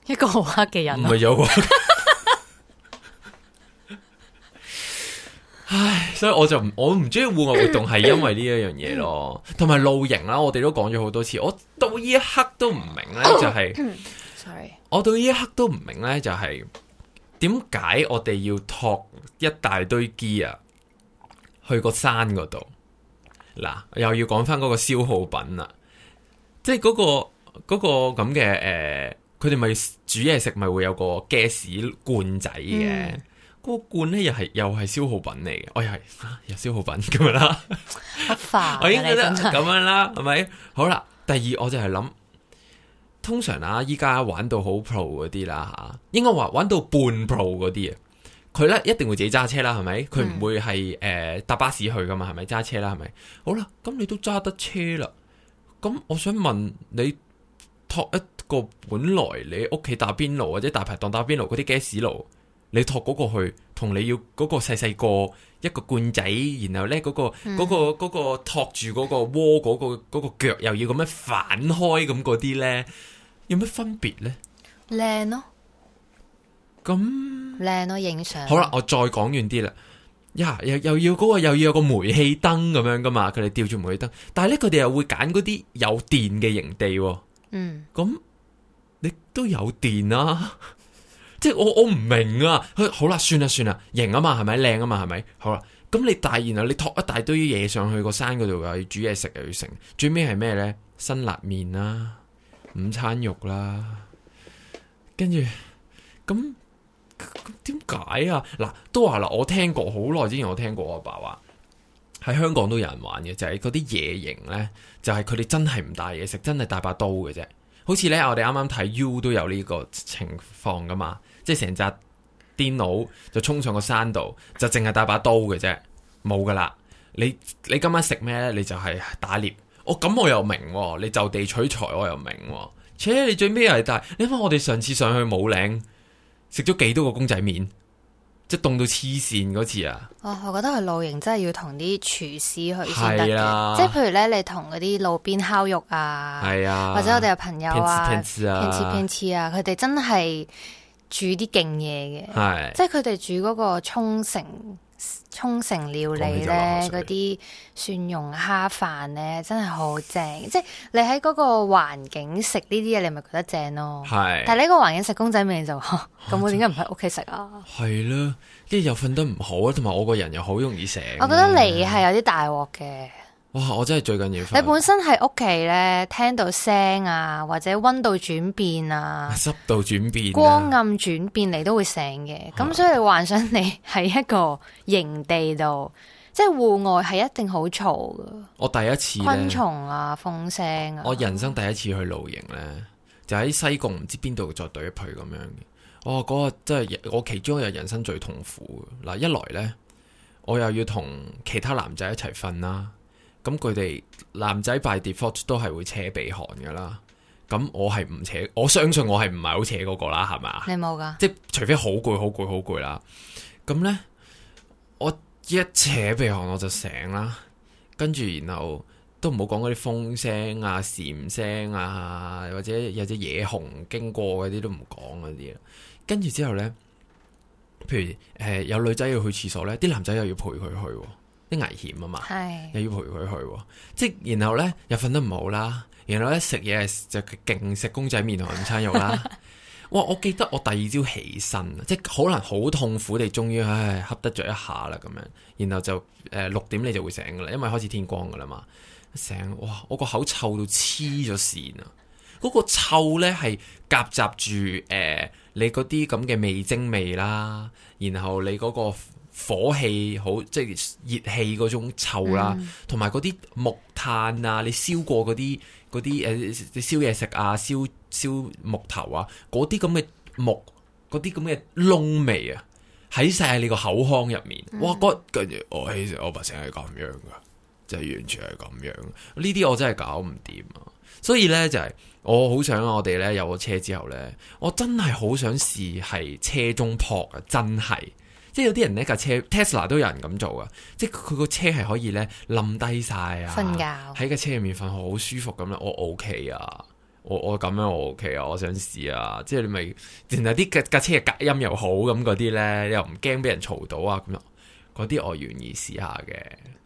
一個好黑嘅人。唔係有個。唉，所以我就我唔中意戶外活動係 因為呢一樣嘢咯，同埋露營啦，我哋都講咗好多次，我到呢一刻都唔明咧，就係、係，噢我到呢一刻都唔明咧，就係點解我哋要托一大堆機啊去個山嗰度？嗱，又要講翻嗰個消耗品啦，即係嗰、嗰個嗰、嗰個咁嘅誒，佢哋咪煮嘢食咪會有個 gas 罐仔嘅？嗯罐咧又係又係消耗品嚟嘅，我、哦、又係、啊、又消耗品咁樣啦，我已經覺得咁樣啦，係咪？好啦，第二我就係諗，通常啊，依家玩到好 pro 嗰啲啦吓、啊，應該話玩到半 pro 嗰啲啊，佢咧一定會自己揸車啦，係咪？佢唔、嗯、會係誒、呃、搭巴士去噶嘛，係咪？揸車啦，係咪？好啦，咁你都揸得車啦，咁我想問你，托一個本來你屋企打邊爐或者大排檔打邊爐嗰啲 gas 爐你托嗰個去，同你要嗰個細細個一個罐仔，然後咧嗰、嗰個、嗰個、嗯、個托住嗰個窩嗰、嗰個嗰、嗰個腳，又要咁樣反開咁嗰啲咧，有咩分別咧？靚咯，咁靚咯，影相。好啦，我再講遠啲啦，呀又又要嗰個又要有個煤氣燈咁樣噶嘛，佢哋吊住煤氣燈，但係咧佢哋又會揀嗰啲有電嘅營地、哦，嗯，咁你都有電啊？即係我我唔明啊，好啦，算啦算啦，型啊嘛，係咪靚啊嘛，係咪好啦？咁你大然後你托一大堆嘢上去個山嗰度，又要煮嘢食又要食。最尾係咩呢？辛辣麵啦、啊，午餐肉、啊啊、啦，跟住咁咁點解啊？嗱，都話啦，我聽過好耐之前，我聽過我阿爸話喺香港都有人玩嘅，就係嗰啲野營呢，就係佢哋真係唔帶嘢食，真係帶把刀嘅啫，好似呢，我哋啱啱睇 U 都有呢個情況噶嘛。即係成扎電腦就衝上個山度，就淨係帶把刀嘅啫，冇㗎喇！你你今晚食咩咧？你就係打獵。哦，咁我又明，哦，你就地取材我，哦，我又明。且你最尾又係帶。你諗下，我哋上次上去武嶺食咗幾多個公仔麵，即係凍到黐線嗰次啊！哦，我覺得去露營真係要同啲廚師去先得嘅，是啊，即係譬如咧，你同嗰啲路邊烤肉啊，係是啊，或者我哋有朋友啊，偏次偏次啊，佢哋真係。煮啲勁嘢嘅，是即係佢哋煮嗰個沖繩沖繩料理咧，嗰啲蒜蓉蝦飯咧，真係好正。即係你喺嗰個環境食呢啲嘢，你咪覺得正咯。係是，但係呢個環境食公仔麵就，咁我點解唔喺屋企食啊？係咯，啲又瞓得唔好啊，同埋、啊、我個人又好容易醒。我覺得你係有啲大鑊嘅。哇！我真係最緊要，你本身喺屋企咧，聽到聲啊，或者温度轉變啊，濕度轉變、啊、光暗轉變，你都會醒嘅。咁的所以幻想你喺一個營地度，即係戶外係一定好嘈嘅。我第一次昆蟲啊，風聲啊，我人生第一次去露營咧，就喺西貢唔知邊度再對一佢咁樣。哦，嗰、那個真係我其中一日人生最痛苦嗱。一來咧，我又要同其他男仔一齊瞓啦。咁佢哋男仔拜 default 都係會扯鼻鼾噶啦，咁我係唔扯，我相信我係唔係好扯嗰個啦，係嘛？你冇噶，即係除非好攰，好攰，好攰啦。咁呢，我一扯鼻鼾我就醒啦，跟住然後都唔好講嗰啲風聲啊、蟬聲啊，或者有隻野熊經過嗰啲都唔講嗰啲。跟住之後呢，譬如誒、呃、有女仔要去廁所呢，啲男仔又要陪佢去，喔。啲危險啊嘛係，又要陪佢去，即係然後咧又瞓得唔好啦，然後咧食嘢就勁食公仔麪同午餐肉啦。哇！我記得我第二朝起身，即係可能好痛苦地終於，終於唉恰得著一下啦咁樣，然後就誒六點你就會醒啦，因為開始天光噶啦嘛。醒哇！我個口臭到黐咗線啊！嗰個臭咧係夾雜住誒你嗰啲咁嘅味精味啦，然後你嗰個。火氣好，即係熱氣嗰種臭啦，同埋嗰啲木炭啊，你燒過嗰啲嗰啲誒，燒嘢食啊，燒燒木頭啊，嗰啲咁嘅木，嗰啲咁嘅燶味啊，喺晒你個口腔入面。嗯、哇，嗰個跟住我其實我成日係咁樣噶，就係完全係咁樣。呢啲我真係搞唔掂啊！所以咧就係、是、我好想我哋咧有咗車之後咧，我真係好想試係車中泊啊，真係。即係有啲人咧架車 Tesla 都有人咁做噶，即係佢個車係可以咧冧低晒啊，瞓覺喺架車入面瞓好舒服咁樣，我 OK 啊，我我咁樣我 OK 啊，我想試啊，即係你咪然後啲架車嘅隔音又好咁嗰啲咧，又唔驚俾人嘈到啊咁，嗰啲我願意試下嘅，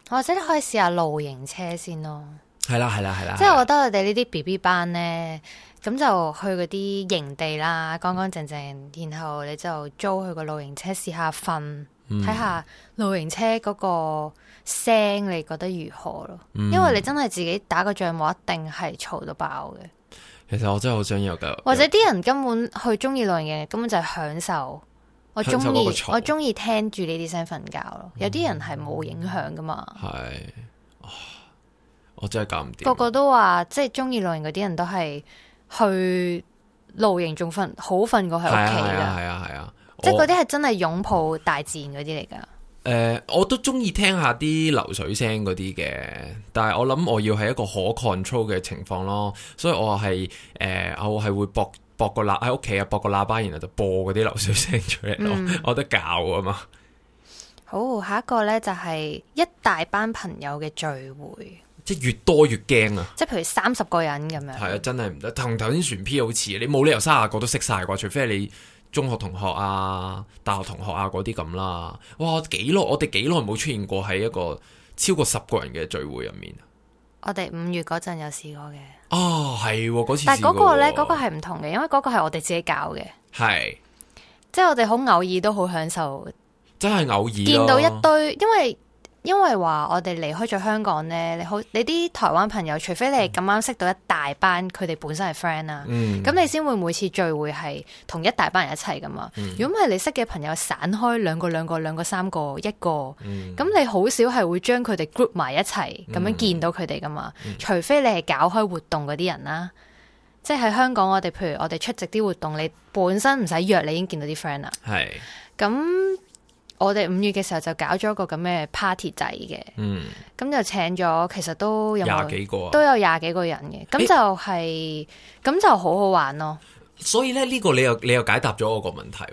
或者你可以試下露營車先咯，係啦係啦係啦，即係我覺得我哋呢啲 BB 班咧。咁就去嗰啲營地啦，乾乾淨淨，然後你就租佢個露營車試下瞓，睇、嗯、下露營車嗰個聲，你覺得如何咯？嗯、因為你真係自己打個帳篷，一定係嘈到爆嘅。其實我真係好想有噶，有或者啲人根本去中意露營嘅根本就係享受。享受我中意我中意聽住呢啲聲瞓覺咯。嗯、有啲人係冇影響噶嘛？係，我真係搞唔掂。個個都話，即係中意露營嗰啲人都係。去露營仲瞓好瞓過喺屋企啦，係啊，係啊， 即係嗰啲係真係擁抱大自然嗰啲嚟噶。誒、 呃，我都中意聽下啲流水聲嗰啲嘅，但係我諗我要係一個可 control 嘅情況咯，所以我係誒、呃，我係會駁駁個喇喺屋企啊，駁個喇叭，然後就播嗰啲流水聲出嚟咯、嗯， 我得教㗎嘛。好，下一個呢就係、是、一大班朋友嘅聚會。即係越多越驚啊！即係譬如三十個人咁樣，係啊，真係唔得。同頭先船 P 好似，你冇理由三十個都識晒啩，除非你中學同學啊、大學同學啊嗰啲咁啦。哇，幾耐？我哋幾耐冇出現過喺一個超過十個人嘅聚會入面？啊？我哋五月嗰陣有試過嘅。啊，係喎，嗰次，但係嗰個咧，嗰個係唔同嘅，因為嗰個係我哋自己搞嘅。係，即係我哋好偶爾都好享受，真係偶爾見到一堆，因為。因為話我哋離開咗香港呢，你好，你啲台灣朋友，除非你咁啱識到一大班，佢哋本身係 friend 啊、嗯，咁你先會每次聚會係同一大班人一齊噶嘛。如果唔係你識嘅朋友散開兩個，兩個兩個兩個三個一個，咁、嗯、你好少係會將佢哋 group 埋一齊，咁樣見到佢哋噶嘛？嗯嗯、除非你係搞開活動嗰啲人啦，即係喺香港我哋，譬如我哋出席啲活動，你本身唔使約，你已經見到啲 friend 啦。係咁是。嗯我哋五月嘅時候就搞咗一個咁嘅 party 仔嘅，咁、嗯、就請咗其實都有廿幾個、啊，都有廿幾個人嘅，咁、欸、就係、是、咁、欸、就好好玩咯。所以咧呢個你又你又解答咗我個問題。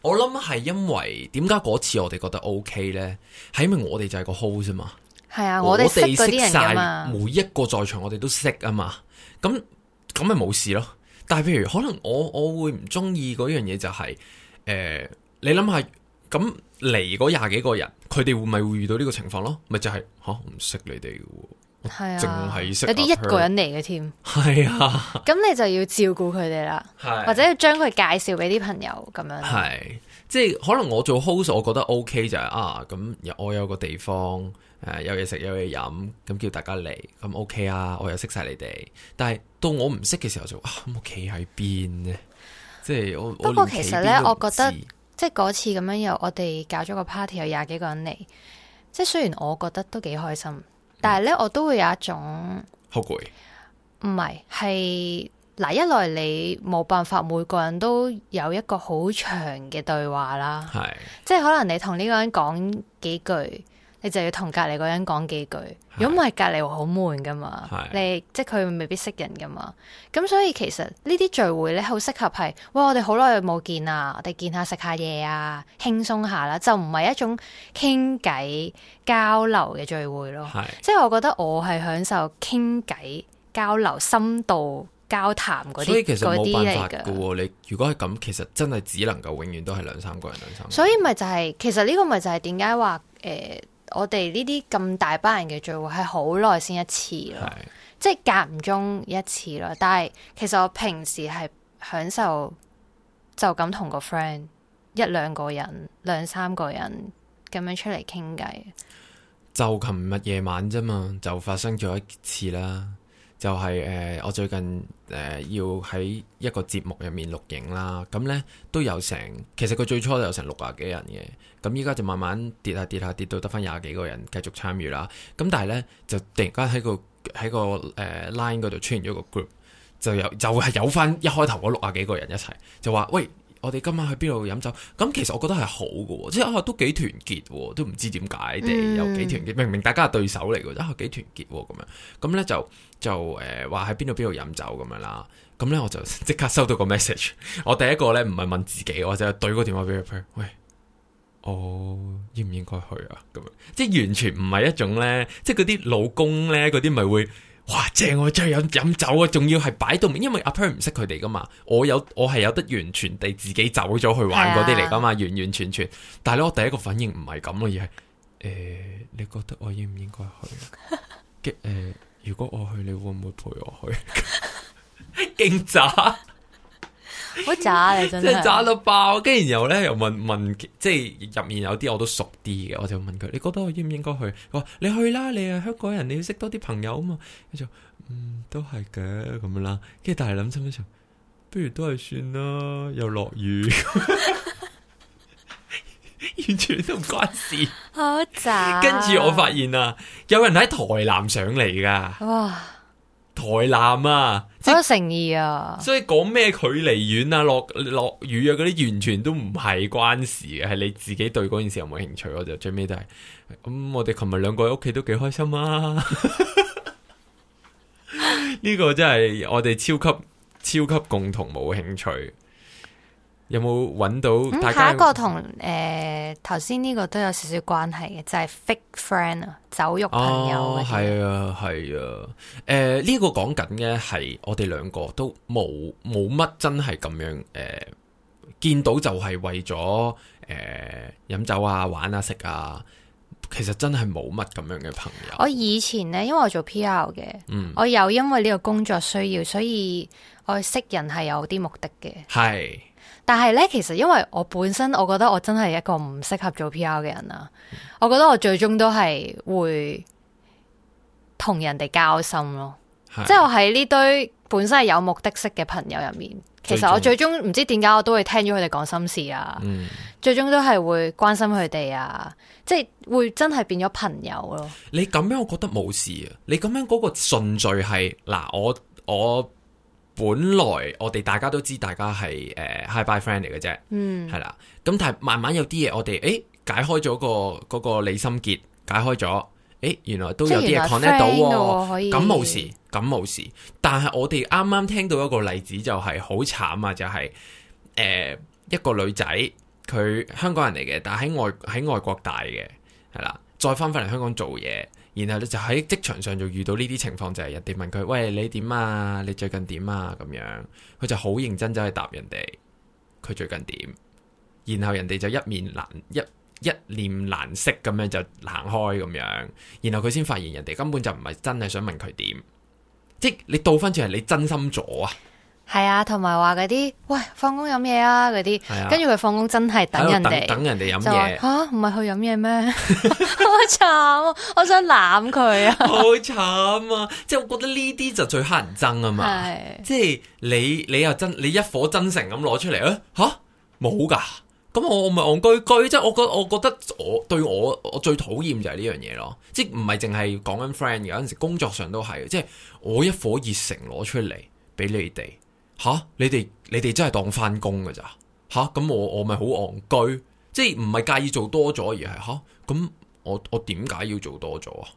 我諗係因為點解嗰次我哋覺得 OK 咧，係因為我哋就係個 host 嘛，係啊，我哋識晒每一個在場我哋都識啊嘛，咁咁咪冇事咯。但係譬如可能我我會唔中意嗰樣嘢就係、是，誒、呃，你諗下。咁嚟嗰廿幾個人，佢哋咪會遇到呢個情況咯？咪就係吓我唔識你哋嘅，係啊，淨係有啲一個人嚟嘅添，係啊。咁你就要照顧佢哋啦，是或者要將佢介紹俾啲朋友咁樣。係即係可能我做 host，我覺得 OK，就係啊，咁我有個地方誒，有嘢食有嘢飲，咁叫大家嚟咁 OK 啊，我又識晒你哋。但係到我唔識嘅時候就哇，我企喺邊呢？即係我不過我不其實咧，我覺得。即係嗰次咁樣又，我哋搞咗個 party 有廿幾個人嚟，即係雖然我覺得都幾開心，但係咧我都會有一種好攰，唔係，係。嗱，一來你冇辦法每個人都有一個好長嘅對話啦，係，即係可能你同呢個人講幾句。你就要同隔籬個人講幾句，如果唔係隔籬會好悶噶嘛。是的 你即係佢未必識人噶嘛。咁所以其實呢啲聚會咧，好適合係，哇！我哋好耐冇見啦，我哋見下食下嘢啊，輕鬆下啦，就唔係一種傾偈交流嘅聚會咯。是的 即係我覺得我係享受傾偈交流深度交談嗰啲，所以其實冇辦法噶。嚟噶。你如果係咁，其實真係只能夠永遠都係兩三個人，兩三個。所以咪就係、是，其實呢個咪就係點解話誒？呃我哋呢啲咁大班人嘅聚會係好耐先一次咯是的 即係隔唔中一次咯。但係其實我平時係享受就咁同個 friend 一兩個人，兩三個人咁樣出嚟傾偈。就琴日夜晚啫嘛，就發生咗一次啦。就係、是、誒、呃，我最近誒、呃、要喺一個節目入面錄影啦。咁咧都有成，其實佢最初都有成六啊幾人嘅。咁依家就慢慢跌下跌下跌到得翻廿幾個人繼續參與啦。咁但係呢，就突然間喺個喺個誒、呃、line 嗰度出 r 咗個 group，就有就係有翻一開頭嗰六廿幾個人一齊就話：喂，我哋今晚去邊度飲酒？咁其實我覺得係好嘅，即係、啊、都幾團結喎，都唔知點解哋又幾團結，明明大家係對手嚟喎，啊幾團結咁樣。咁咧就就誒話喺邊度邊度飲酒咁樣啦。咁呢，我就即刻收到個 message， 我第一個呢唔係問自己，我就懟個電話俾佢。喂！哦，應唔應該去啊？咁樣即係完全唔係一種咧，即係嗰啲老公咧，嗰啲咪會哇正我最飲飲酒啊，仲要係擺到明，因為阿 p 唔識佢哋噶嘛。我有我係有得完全地自己走咗去玩嗰啲嚟噶嘛，完完全全。但係咧，我第一個反應唔係咁咯，而係誒、呃，你覺得我應唔應該去？嘅誒，如果我去，你會唔會陪我去？驚 咋？好渣，你真係，渣到爆。跟住然後咧，又問問，即係入面有啲我都熟啲嘅，我就問佢：你覺得我應唔應該去？佢話，你去啦，你係、啊、香港人，你要識多啲朋友啊嘛。佢就嗯都係嘅咁樣啦。跟住但係諗深一層，不如都係算啦，又落雨， 完全都唔關事。好渣。跟住我發現啊，有人喺台南上嚟噶。哇！台南啊，好有誠意啊！所以講咩距離遠啊，落落雨啊，嗰啲完全都唔係關事嘅，係你自己對嗰件事有冇興趣，我就最尾都係咁。我哋琴日兩個喺屋企都幾開心啊！呢個真係我哋超級超級共同冇興趣。els 有冇揾到、嗯？下一個同誒頭先呢個都有少少關係嘅，就係、是、fake friend 啊，酒肉朋友。係啊係啊，誒呢、啊呃這個講緊嘅係我哋兩個都冇冇乜真係咁樣誒、呃，見到就係為咗誒飲酒啊玩啊食啊，其實真係冇乜咁樣嘅朋友。我以前呢，因為我做 PR 嘅，嗯、我有因為呢個工作需要，所以我識人係有啲目的嘅，係。但係咧，其實因為我本身我覺得我真係一個唔適合做 PR 嘅人啊。嗯、我覺得我最終都係會同人哋交心咯。是，即係我喺呢堆本身係有目的式嘅朋友入面，其實我最終唔知點解我都會聽咗佢哋講心事啊，嗯、最終都係會關心佢哋啊，即係會真係變咗朋友咯。你咁樣我覺得冇事啊，你咁樣嗰個順序係嗱，我我。本來我哋大家都知，大家係誒、uh, Hi Bye Friend 嚟嘅啫，係啦、嗯。咁但係慢慢有啲嘢，我哋誒解開咗個嗰個內心結，解開咗，誒原來都有啲嘢 connect 到喎、啊，可以。咁冇事，咁冇事。但係我哋啱啱聽到一個例子，就係好慘啊！就係、是、誒、uh, 一個女仔，佢香港人嚟嘅，但係喺外喺外國大嘅，係啦。再翻返嚟香港做嘢。然後你就喺職場上就遇到呢啲情況，就係人哋問佢，喂你點啊？你最近點啊？咁樣佢就好認真走去答人哋佢最近點。然後人哋就一面難一一念難色咁樣就行開咁樣。然後佢先發現人哋根本就唔係真係想問佢點，即你倒翻轉係你真心咗啊！係啊，同埋話嗰啲喂，放工飲嘢啊嗰啲，跟住佢放工真係等人哋等，等人哋飲嘢吓，唔係、啊、去飲嘢咩？ 好慘啊！我想攬佢啊！ 好慘啊！即係我覺得呢啲就最乞人憎啊嘛！的即係你你又真你一火真誠咁攞出嚟啊吓冇噶？咁、啊啊、我我咪戇居居即係我覺我覺得我對我我最討厭就係呢樣嘢咯，即係唔係淨係講緊 friend，有陣時工作上都係，即係我一火熱誠攞出嚟俾你哋。吓！你哋你哋真係當翻工嘅咋吓？咁我我咪好戇居，即係唔係介意做多咗而係吓？咁我我點解要做多咗啊？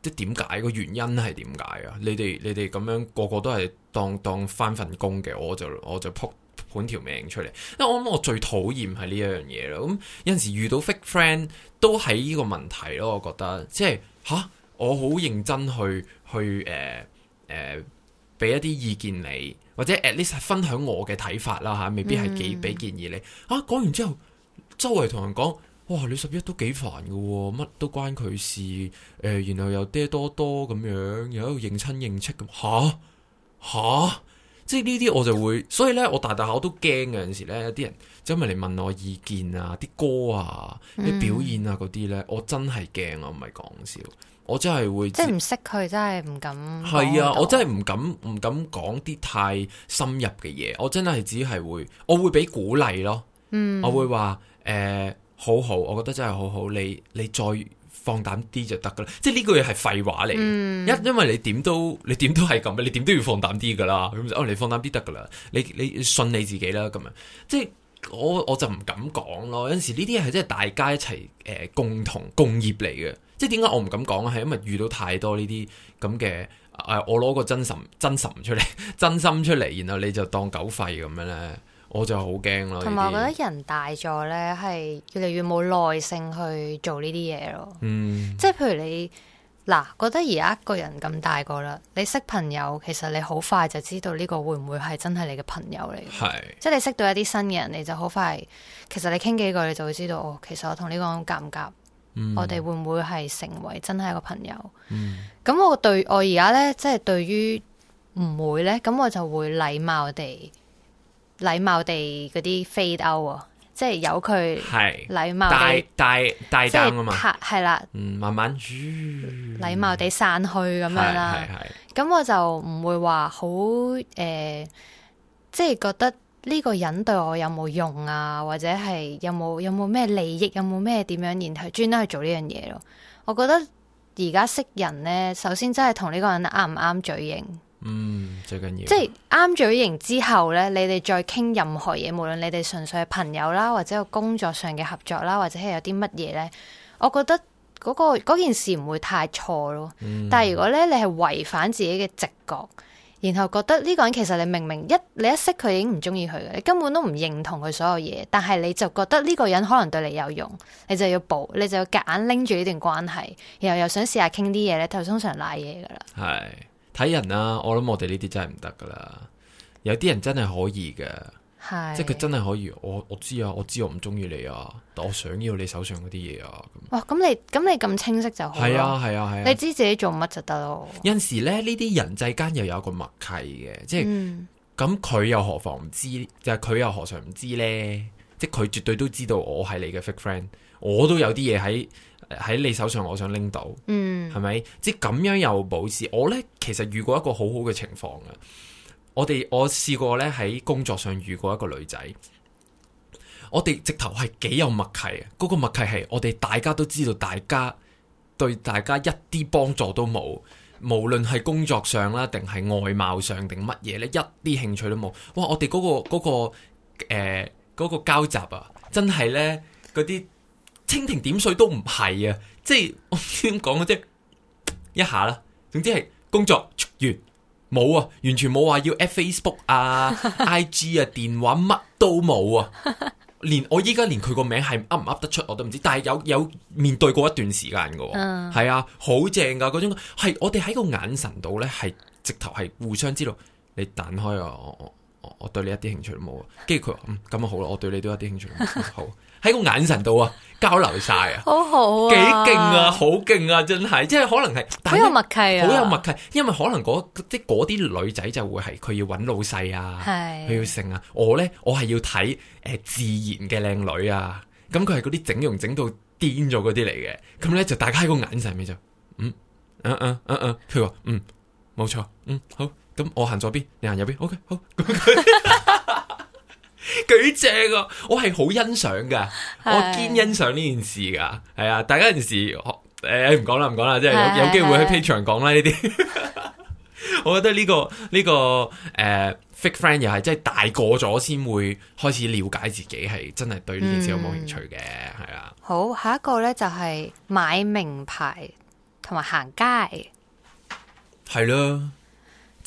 即係點解個原因係點解啊？你哋你哋咁樣個個都係當當翻份工嘅，我就我就撲盤條命出嚟。因為我諗我最討厭係呢一樣嘢咯。咁有陣時遇到 fake friend 都喺呢個問題咯。我覺得即係吓，我好認真去去誒誒。呃呃俾一啲意見你，或者 at least 分享我嘅睇法啦嚇、啊，未必係幾俾、mm. 建議你。嚇、啊、講完之後，周圍同人講，哇你拾壹都幾煩嘅喎，乜都關佢事誒，然、呃、後又爹多多咁樣，又喺度認親認戚咁吓？吓？即係呢啲我就會，所以咧我大大口都驚嘅陣時咧，有啲人因為嚟問我意見啊、啲歌啊、啲表演啊嗰啲咧，我真係驚啊，唔係講笑。我真係會，即係唔識佢，真係唔敢。係啊，我真係唔敢，唔敢講啲太深入嘅嘢。我真係只係會，我會俾鼓勵咯。嗯，我會話誒，呃，好好，我覺得真係好好。你你再放膽啲就得噶啦。即係呢句嘢係廢話嚟。一，嗯，因為你點都你點都係咁，你點都，都要放膽啲噶啦。咁哦，你放膽啲得噶啦。你你信你自己啦。咁樣，即係我我就唔敢講咯。有陣時呢啲嘢係真係大家一齊誒，呃，共同共業嚟嘅。即係點解我唔敢講啊？係因為遇到太多呢啲咁嘅，誒，我攞個真心，真心出嚟，真心出嚟，然後你就當狗吠咁樣咧，我就好驚咯。同埋我覺得人大咗咧，係越嚟越冇耐性去做呢啲嘢咯。嗯，即係譬如你嗱，覺得而家一個人咁大個啦，你識朋友，其實你好快就知道呢個會唔會係真係你嘅朋友嚟嘅。係，是 即係你識到一啲新嘅人，你就好快，其實你傾幾個，你就會知道哦。其實我同呢個人夾唔夾？嗯、我哋會唔會係成為真係一個朋友？咁、嗯、我對我而家咧，即係對於唔會咧，咁我就會禮貌地禮貌地嗰啲 fade out，的即係由佢禮貌大大帶帶啊嘛，係啦、嗯，慢慢煮，禮、呃、貌地散去咁樣啦。咁我就唔會話好誒，即係覺得。呢個人對我有冇用啊？或者係有冇有冇咩利益？有冇咩點樣念頭專登去做呢樣嘢咯？我覺得而家識人呢，首先真係同呢個人啱唔啱嘴型，嗯，最緊要。即係啱嘴型之後呢，你哋再傾任何嘢，無論你哋純粹係朋友啦，或者有工作上嘅合作啦，或者係有啲乜嘢呢，我覺得嗰、嗰個件事唔會太錯咯。嗯、但係如果呢，你係違反自己嘅直覺，然後覺得呢個人其實你明明一你一識佢已經唔中意佢嘅，你根本都唔認同佢所有嘢，但係你就覺得呢個人可能對你有用，你就要保，你就要夾硬拎住呢段關係，然後又想試下傾啲嘢咧，就通常瀨嘢噶啦。係睇人啦、啊，我諗我哋呢啲真係唔得噶啦，有啲人真係可以噶。是即係佢真係可以，我我知啊，我知我唔中意你啊，但我想要你手上嗰啲嘢啊。哇，咁你咁你咁清晰就好。係啊係啊係啊，啊啊你知自己做乜就得咯。有陣時咧，呢啲人際間又有一個默契嘅，即係咁佢又何妨唔知？就係、是、佢又何嘗唔知呢？即係佢絕對都知道我係你嘅 fake friend，我都有啲嘢喺喺你手上，我想拎到。嗯，係咪？即係咁樣又保持我咧？其實遇過一個好好嘅情況啊！我哋我試過呢，喺工作上遇過一個女仔，我哋直頭係幾有默契啊！嗰、嗰個默契係我哋大家都知道，大家對大家一啲幫助都冇，無論係工作上啦，定係外貌上定乜嘢呢，一啲興趣都冇。哇！我哋嗰、嗰個、嗰個誒、呃嗰個交集啊，真係呢，嗰啲蜻蜓點水都唔係啊！即係我唔知點講啊，即係一下啦，總之係工作完。冇啊，完全冇話要 at Facebook 啊、 IG 啊、電話乜都冇啊，連我依家連佢個名係噏唔噏得出我都唔知，但係有有面對過一段時間㗎，係、uh. 啊，好正噶嗰種，係我哋喺個眼神度咧，係直頭係互相知道，你彈開啊我。我我對你一啲興趣都冇，啊。跟住佢話嗯咁啊好啦，我對你都一啲興趣都冇，好喺 個眼神度啊交流晒 啊，好好幾勁啊，好勁啊真係，即係可能係好有默契啊，好有默契，因為可能嗰即嗰啲女仔就會係佢要揾老細啊，佢是要成啊，我咧我係要睇誒、呃、自然嘅靚女啊，咁佢係嗰啲整容整到癲咗嗰啲嚟嘅，咁咧就大家喺個眼神面就嗯嗯嗯嗯，佢話嗯冇錯嗯好。嗯嗯嗯嗯咁我行左邊，你行右邊，OK，好。咁佢幾正啊！我係好欣賞噶，是我堅欣賞呢件事噶。係啊，大家有陣時誒唔講啦，唔講啦，即係有有機會喺 patreon 講啦呢啲。是是是 我覺得呢、這個呢、這個誒 fake friend 又係即係大過咗先會開始了解自己，係真係對呢件事有冇興趣嘅。係啊、嗯！的好下一個咧就係、是、買名牌同埋行街，係啦。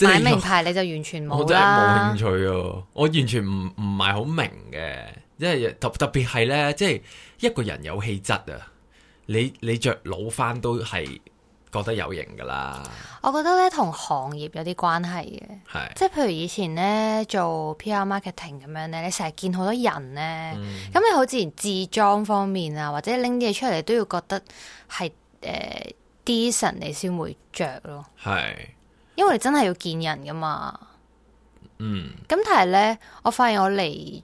買名牌你就完全冇啦。我真係冇興趣哦、啊，我完全唔唔係好明嘅，因為特特別係咧，即係一個人有氣質啊，你你着老翻都係覺得有型噶啦。我覺得咧同行業有啲關係嘅，係是即係譬如以前咧做 PR marketing 咁樣咧，你成日見好多人咧，咁、嗯、你好自然，着裝方面啊，或者拎啲嘢出嚟都要覺得係誒 decent 你先會着咯，係。因為你真係要見人噶嘛，嗯，咁但係呢，我發現我離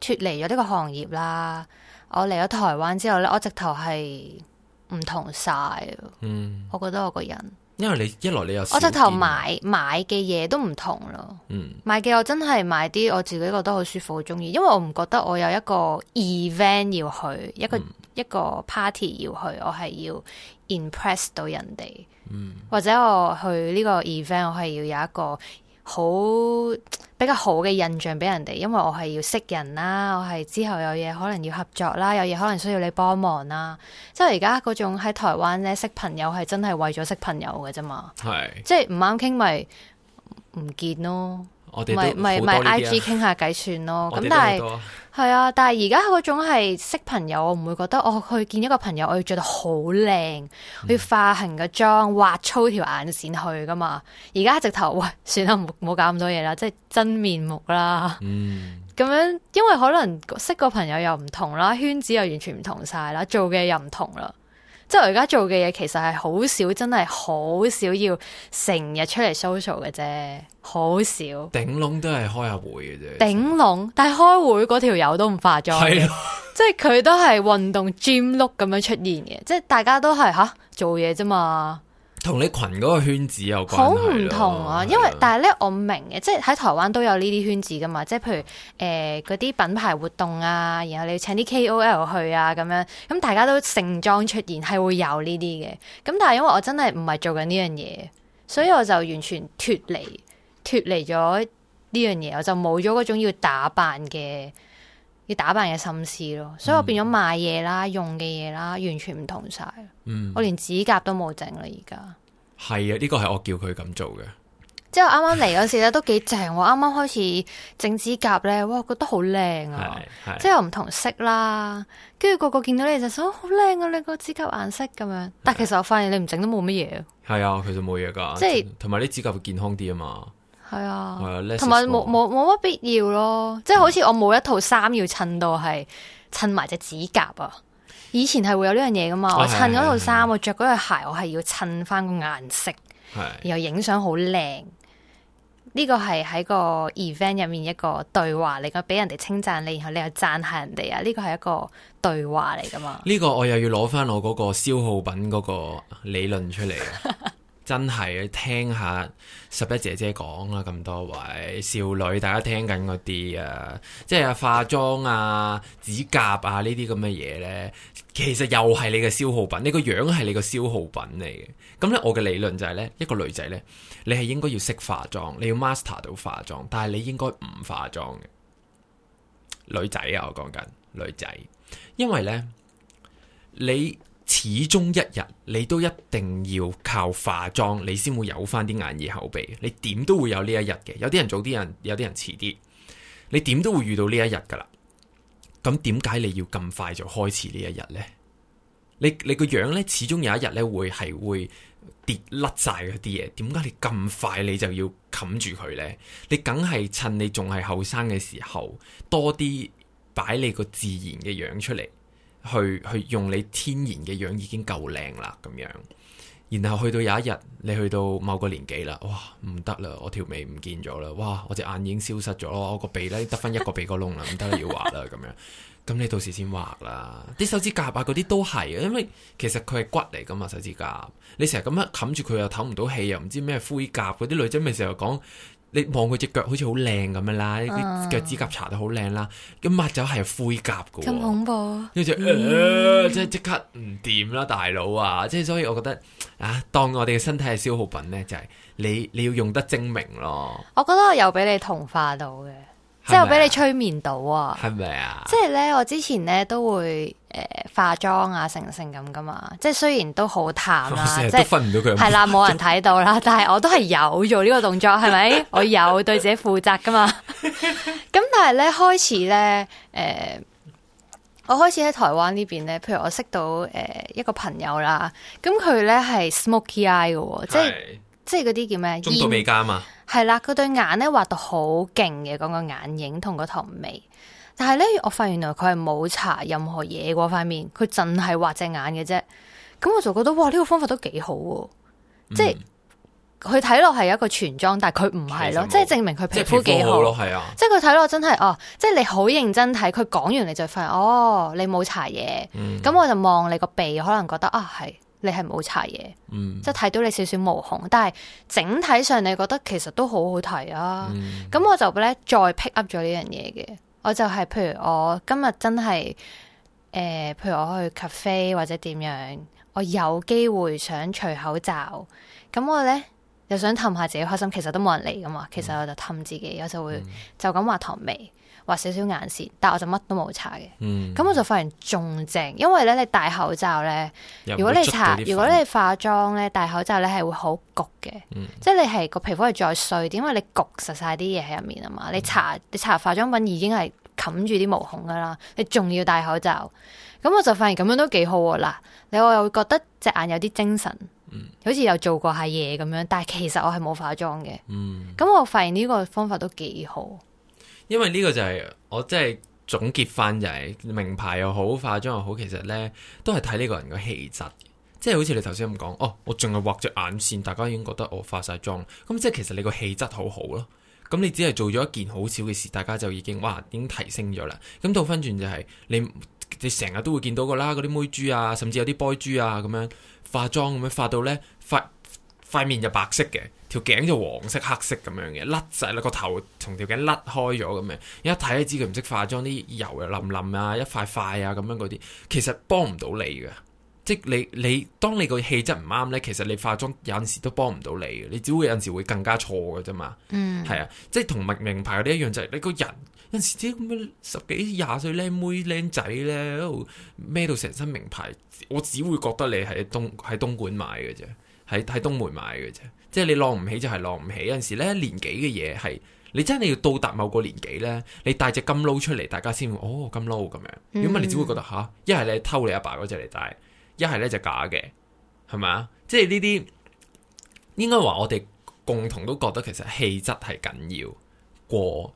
脫離咗呢個行業啦，我嚟咗台灣之後呢，我直頭係唔同晒，嗯，我覺得我個人，因為你一來你又我直頭買買嘅嘢都唔同咯，嗯，買嘅我真係買啲我自己覺得好舒服好中意，因為我唔覺得我有一個 event 要去一個。嗯一個 party 要去，我係要 impress 到人哋，嗯、或者我去呢個 event，我係要有一個好比較好嘅印象俾人哋，因為我係要識人啦，我係之後有嘢可能要合作啦，有嘢可能需要你幫忙啦。即係而家嗰種喺台灣咧，識朋友係真係為咗識朋友嘅啫嘛，係即係唔啱傾咪唔見咯。唔係，唔係，唔係 IG 傾下計算咯，咁 但係係 啊，但係而家嗰種係識朋友，我唔會覺得我、哦、去見一個朋友，我要着得好靚，嗯、要化痕個妝，畫粗條眼線去㗎嘛。而家直頭喂，算啦，唔好搞咁多嘢啦，即係真面目啦。嗯，咁樣因為可能識個朋友又唔同啦，圈子又完全唔同晒啦，做嘅又唔同啦。即係我而家做嘅嘢，其實係好少，真係好少要成日出嚟 social 嘅啫，好少。頂籠都係開下會嘅啫。頂籠，但係開會嗰條友都唔化妝，對了 即係佢都係運動 gym look 咁樣出現嘅， 即係大家都係吓做嘢啫嘛。同你群嗰個圈子有關，好唔同啊！的因為但係咧，我明嘅，即係喺台灣都有呢啲圈子噶嘛，即係譬如誒嗰啲品牌活動啊，然後你要請啲 KOL 去啊，咁樣咁大家都盛裝出現，係會有呢啲嘅。咁但係因為我真係唔係做緊呢樣嘢，所以我就完全脫離脫離咗呢樣嘢，我就冇咗嗰種要打扮嘅要打扮嘅心思咯，所以我變咗買嘢啦、用嘅嘢啦，完全唔同晒。嗯，我連指甲都冇整啦，而家係啊，呢個係我叫佢咁做嘅。即係我啱啱嚟嗰時咧，都幾正。我啱啱開始整指甲咧，哇，我覺得好靚啊！即係唔同色啦，跟住個個見到你就想好靚啊！你個指甲顏色咁樣。但其實我發現你唔整都冇乜嘢。係啊，其實冇嘢噶，即係同埋你指甲會健康啲啊嘛。係啊，同埋冇冇冇乜必要咯，嗯、即係好似我冇一套衫要襯到係襯埋隻指甲啊！以前係會有呢樣嘢噶嘛，啊、我襯嗰套衫，啊、我着嗰對鞋，我係要襯翻個顏色，是然後影相好靚。呢、這個係喺個 event 入面一個對話嚟噶，俾人哋稱讚你，然後你又讚下人哋啊！呢、這個係一個對話嚟噶嘛？呢個我又要攞翻我嗰個消耗品嗰個理論出嚟。 真係啊！聽下十一姐姐講啦，咁多位少女，大家聽緊嗰啲啊，即係化妝啊、指甲啊呢啲咁嘅嘢呢，其實又係你嘅消耗品，你個樣係你個消耗品嚟嘅。咁咧、就是，我嘅理論就係呢一個女仔呢，你係應該要識化妝，你要 master 到化妝，但係你應該唔化妝嘅。女仔啊，我講緊女仔，因為呢你。始終一日，你都一定要靠化妝，你先會有翻啲眼耳口鼻。你點都會有呢一日嘅，有啲人早啲，人有啲人遲啲，你點都會遇到呢一日噶啦。咁點解你要咁快就開始呢一日呢？你你個樣呢，始終有一日呢會係會跌甩晒嗰啲嘢。點解你咁快你就要冚住佢呢？你梗係趁你仲係後生嘅時候，多啲擺你個自然嘅樣出嚟。去去用你天然嘅樣已經夠靚啦，咁樣，然後去到有一日你去到某個年紀啦，哇，唔得啦，我條眉唔見咗啦，哇，我隻眼已經消失咗啦，我個鼻咧得翻一個鼻哥窿啦，唔得啦，要畫啦，咁樣，咁你到時先畫啦，啲手指甲啊嗰啲都係，因為其實佢係骨嚟噶嘛，手指甲，你成日咁樣冚住佢又唞唔到氣，又唔知咩灰甲，嗰啲女仔咪成日講。你望佢隻腳好似好靚咁樣啦，啲腳趾甲擦得好靚啦，咁抹走係灰甲嘅，咁恐怖！呢隻、呃，mm. 即係即刻唔掂啦，大佬啊！即係所以我覺得啊，當我哋嘅身體係消耗品咧，就係、是、你你要用得精明咯。我覺得我又俾你同化到嘅。即係我俾你催眠到啊！係咪啊？即係咧，我之前咧都會誒、呃、化妝啊，成成咁噶嘛。即係雖然都好淡啦，即係分唔到佢。係啦，冇人睇到啦。但係我都係有做呢個動作，係咪？ 我有對自己負責噶嘛。咁 但係咧，開始咧，誒、呃，我開始喺台灣呢邊咧，譬如我識到誒一個朋友啦，咁佢咧係 smoky eye 嘅，是即係即係嗰啲叫咩？煙美家啊嘛。係啦，佢對，對眼咧畫到好勁嘅，嗰、嗰個眼影同嗰條眉。但係咧，我發現原來佢係冇搽任何嘢，嗰塊面，佢淨係畫隻眼嘅啫。咁我就覺得哇，呢、呢個方法都幾好，嗯、即係佢睇落係一個全妝，但係佢唔係咯，即係證明佢皮膚幾好，好咯，係啊。即係佢睇落真係哦，即係你好認真睇。佢講完，你就發現哦，你冇搽嘢。咁、嗯嗯、我就望你個鼻，可能覺得啊係。你係冇搽嘢，即係睇到你少少毛孔，但係整體上你覺得其實都好好睇啊。咁、嗯、我就咧再 pick up 咗呢樣嘢嘅，我就係譬如我今日真係誒、呃，譬如我去 cafe 或者點樣，我有機會想除口罩，咁我咧又想氹下自己開心，其實都冇人嚟㗎嘛，其實我就氹自己，嗯、我就會就咁畫糖眉。畫少少眼線，但係我就乜都冇搽嘅。嗯，咁我就發現仲正，因為咧你戴口罩咧，如果你搽如果你化妝咧戴口罩咧係會好焗嘅。嗯，即係你係個皮膚係再碎啲，因為你焗實晒啲嘢喺入面啊嘛。嗯，你搽你搽化妝品已經係冚住啲毛孔噶啦，你仲要戴口罩，咁我就發現咁樣都幾好嗱，啊，你我又會覺得隻眼有啲精神，嗯，好似又做過下嘢咁樣，但係其實我係冇化妝嘅。嗯，咁我發現呢個方法都幾好。因為呢個就係、是、我即係總結翻就係、是、名牌又好化妝又好，其實呢都係睇呢個人個氣質，即係好似你頭先咁講，哦，我淨係畫咗眼線，大家已經覺得我化晒妝，咁、嗯、即係其實你個氣質好好咯，咁、嗯、你只係做咗一件好少嘅事，大家就已經哇已經提升咗啦。咁、嗯、倒返轉就係、是、你你成日都會見到噶啦，嗰啲妹豬啊，甚至有啲 boy 豬啊咁樣化妝咁樣化到呢。化。塊面就白色嘅，條頸就黃色、黑色咁樣嘅，甩曬啦個頭同條頸甩開咗咁樣一軟軟軟，一睇就知佢唔識化妝，啲油又淋淋啊，一塊塊啊咁樣嗰啲，其實幫唔到你嘅。即係你你當你個氣質唔啱咧，其實你化妝有陣時都幫唔到你嘅，你只會有陣時會更加錯噶啫嘛。嗯，係啊，即係同名牌嗰啲一樣，就係、是、你個人有陣時啲咁嘅十幾廿歲靚妹靚仔咧，喺度孭到成身名牌，我只會覺得你喺東喺東莞買嘅啫。喺喺東門買嘅啫，即係你浪唔起就係浪唔起。有陣時咧，年紀嘅嘢係你真係要到達某個年紀咧，你帶隻金撈出嚟，大家先會哦金撈咁樣。咁果你只會覺得吓，一係你偷你阿爸嗰隻嚟帶，一係咧就假嘅，係咪啊？即係呢啲應該話我哋共同都覺得其實氣質係緊要過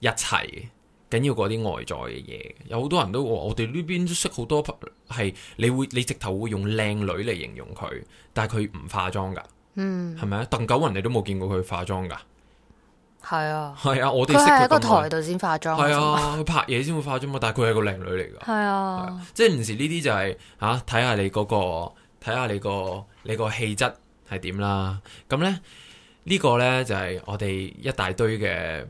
一切緊要嗰啲外在嘅嘢，有好多人都話我哋呢邊都識好多拍，係你會你直頭會用靚女嚟形容佢，但係佢唔化妝噶，嗯，係咪啊？鄧九雲你都冇見過佢化妝噶，係啊，係啊，我哋識佢喺個台度先化妝，係啊，拍嘢先會化妝嘛，但係佢係個靚女嚟噶，係啊，啊，即係唔時呢啲就係吓睇下你嗰個，睇下你個你個氣質係點啦，咁咧呢個咧就係我哋一大堆嘅。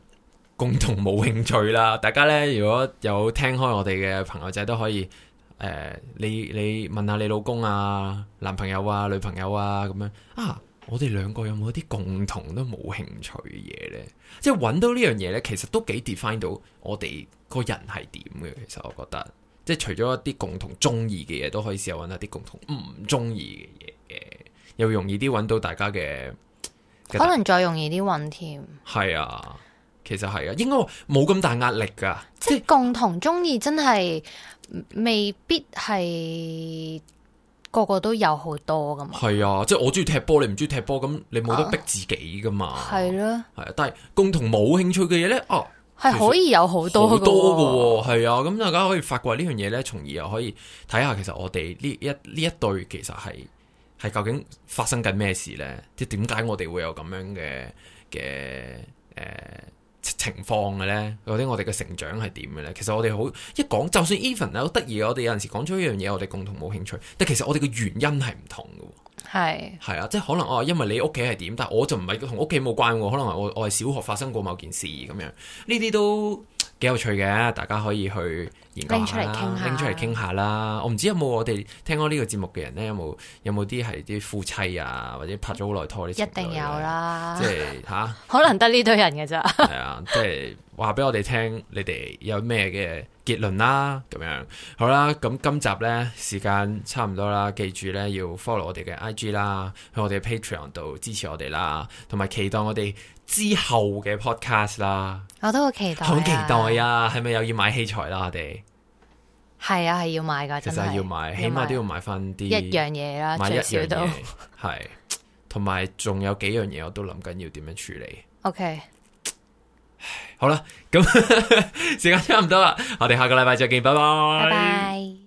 共同冇興趣啦！大家呢，如果有聽開我哋嘅朋友仔，都可以誒、呃，你你問下你老公啊、男朋友啊、女朋友啊咁樣啊，我哋兩個有冇啲共同都冇興趣嘅嘢呢？即係揾到呢樣嘢呢，其實都幾 define 到我哋個人係點嘅。其實我覺得，即係除咗一啲共同中意嘅嘢，都可以試下揾一啲共同唔中意嘅嘢嘅，又容易啲揾到大家嘅。可能再容易啲揾添。係啊。其實係啊，應該冇咁大壓力噶，即係是、嗯、共同中意，真係未必係個個都有好多噶嘛。係啊，即係我中意踢波，你唔中意踢波，咁你冇得逼自己噶嘛。係咯，係啊，的但係共同冇興趣嘅嘢咧，哦、啊，係可以有好多好多噶喎。係啊，咁、啊、大家可以發掘呢樣嘢咧，從而又可以睇下，其實我哋呢一呢一對，其實係係究竟發生緊咩事咧？即係點解我哋會有咁樣嘅嘅誒？情況嘅咧，或者我哋嘅成長係點嘅咧？其實我哋好一講，就算 even 啊，好得意。我哋有陣時講咗一樣嘢，我哋共同冇興趣，但其實我哋嘅原因係唔同嘅。係，係啊，即係可能哦、啊，因為你屋企係點，但係我就唔係同屋企冇關。可能我我係小學發生過某件事咁樣，呢啲都。幾有趣嘅，大家可以去研究下拎出嚟傾下。拎出嚟傾下啦。下 我唔知有冇我哋聽過呢個節目嘅人咧，有冇有冇啲係啲夫妻啊，或者拍咗好耐拖啲。一定有啦。侶 即係吓，可能得呢堆人嘅啫。係 啊，即係話俾我哋聽、啊，你哋有咩嘅結論啦？咁樣好啦、啊。咁今集咧時間差唔多啦，記住咧要 follow 我哋嘅 IG 啦，去我哋嘅 Patreon 度支持我哋啦，同埋期待我哋。之後嘅 podcast 啦，我都好期待，好期待啊！係咪又要買器材啦？我哋係啊，係要買噶，其實要買，要買，起碼都要買翻啲一,一樣嘢啦，一樣嘢，買，最少都係。同埋仲有幾樣嘢我都諗緊要點樣處理。OK，好啦，咁 時間差唔多啦，我哋下個禮拜再見，拜拜。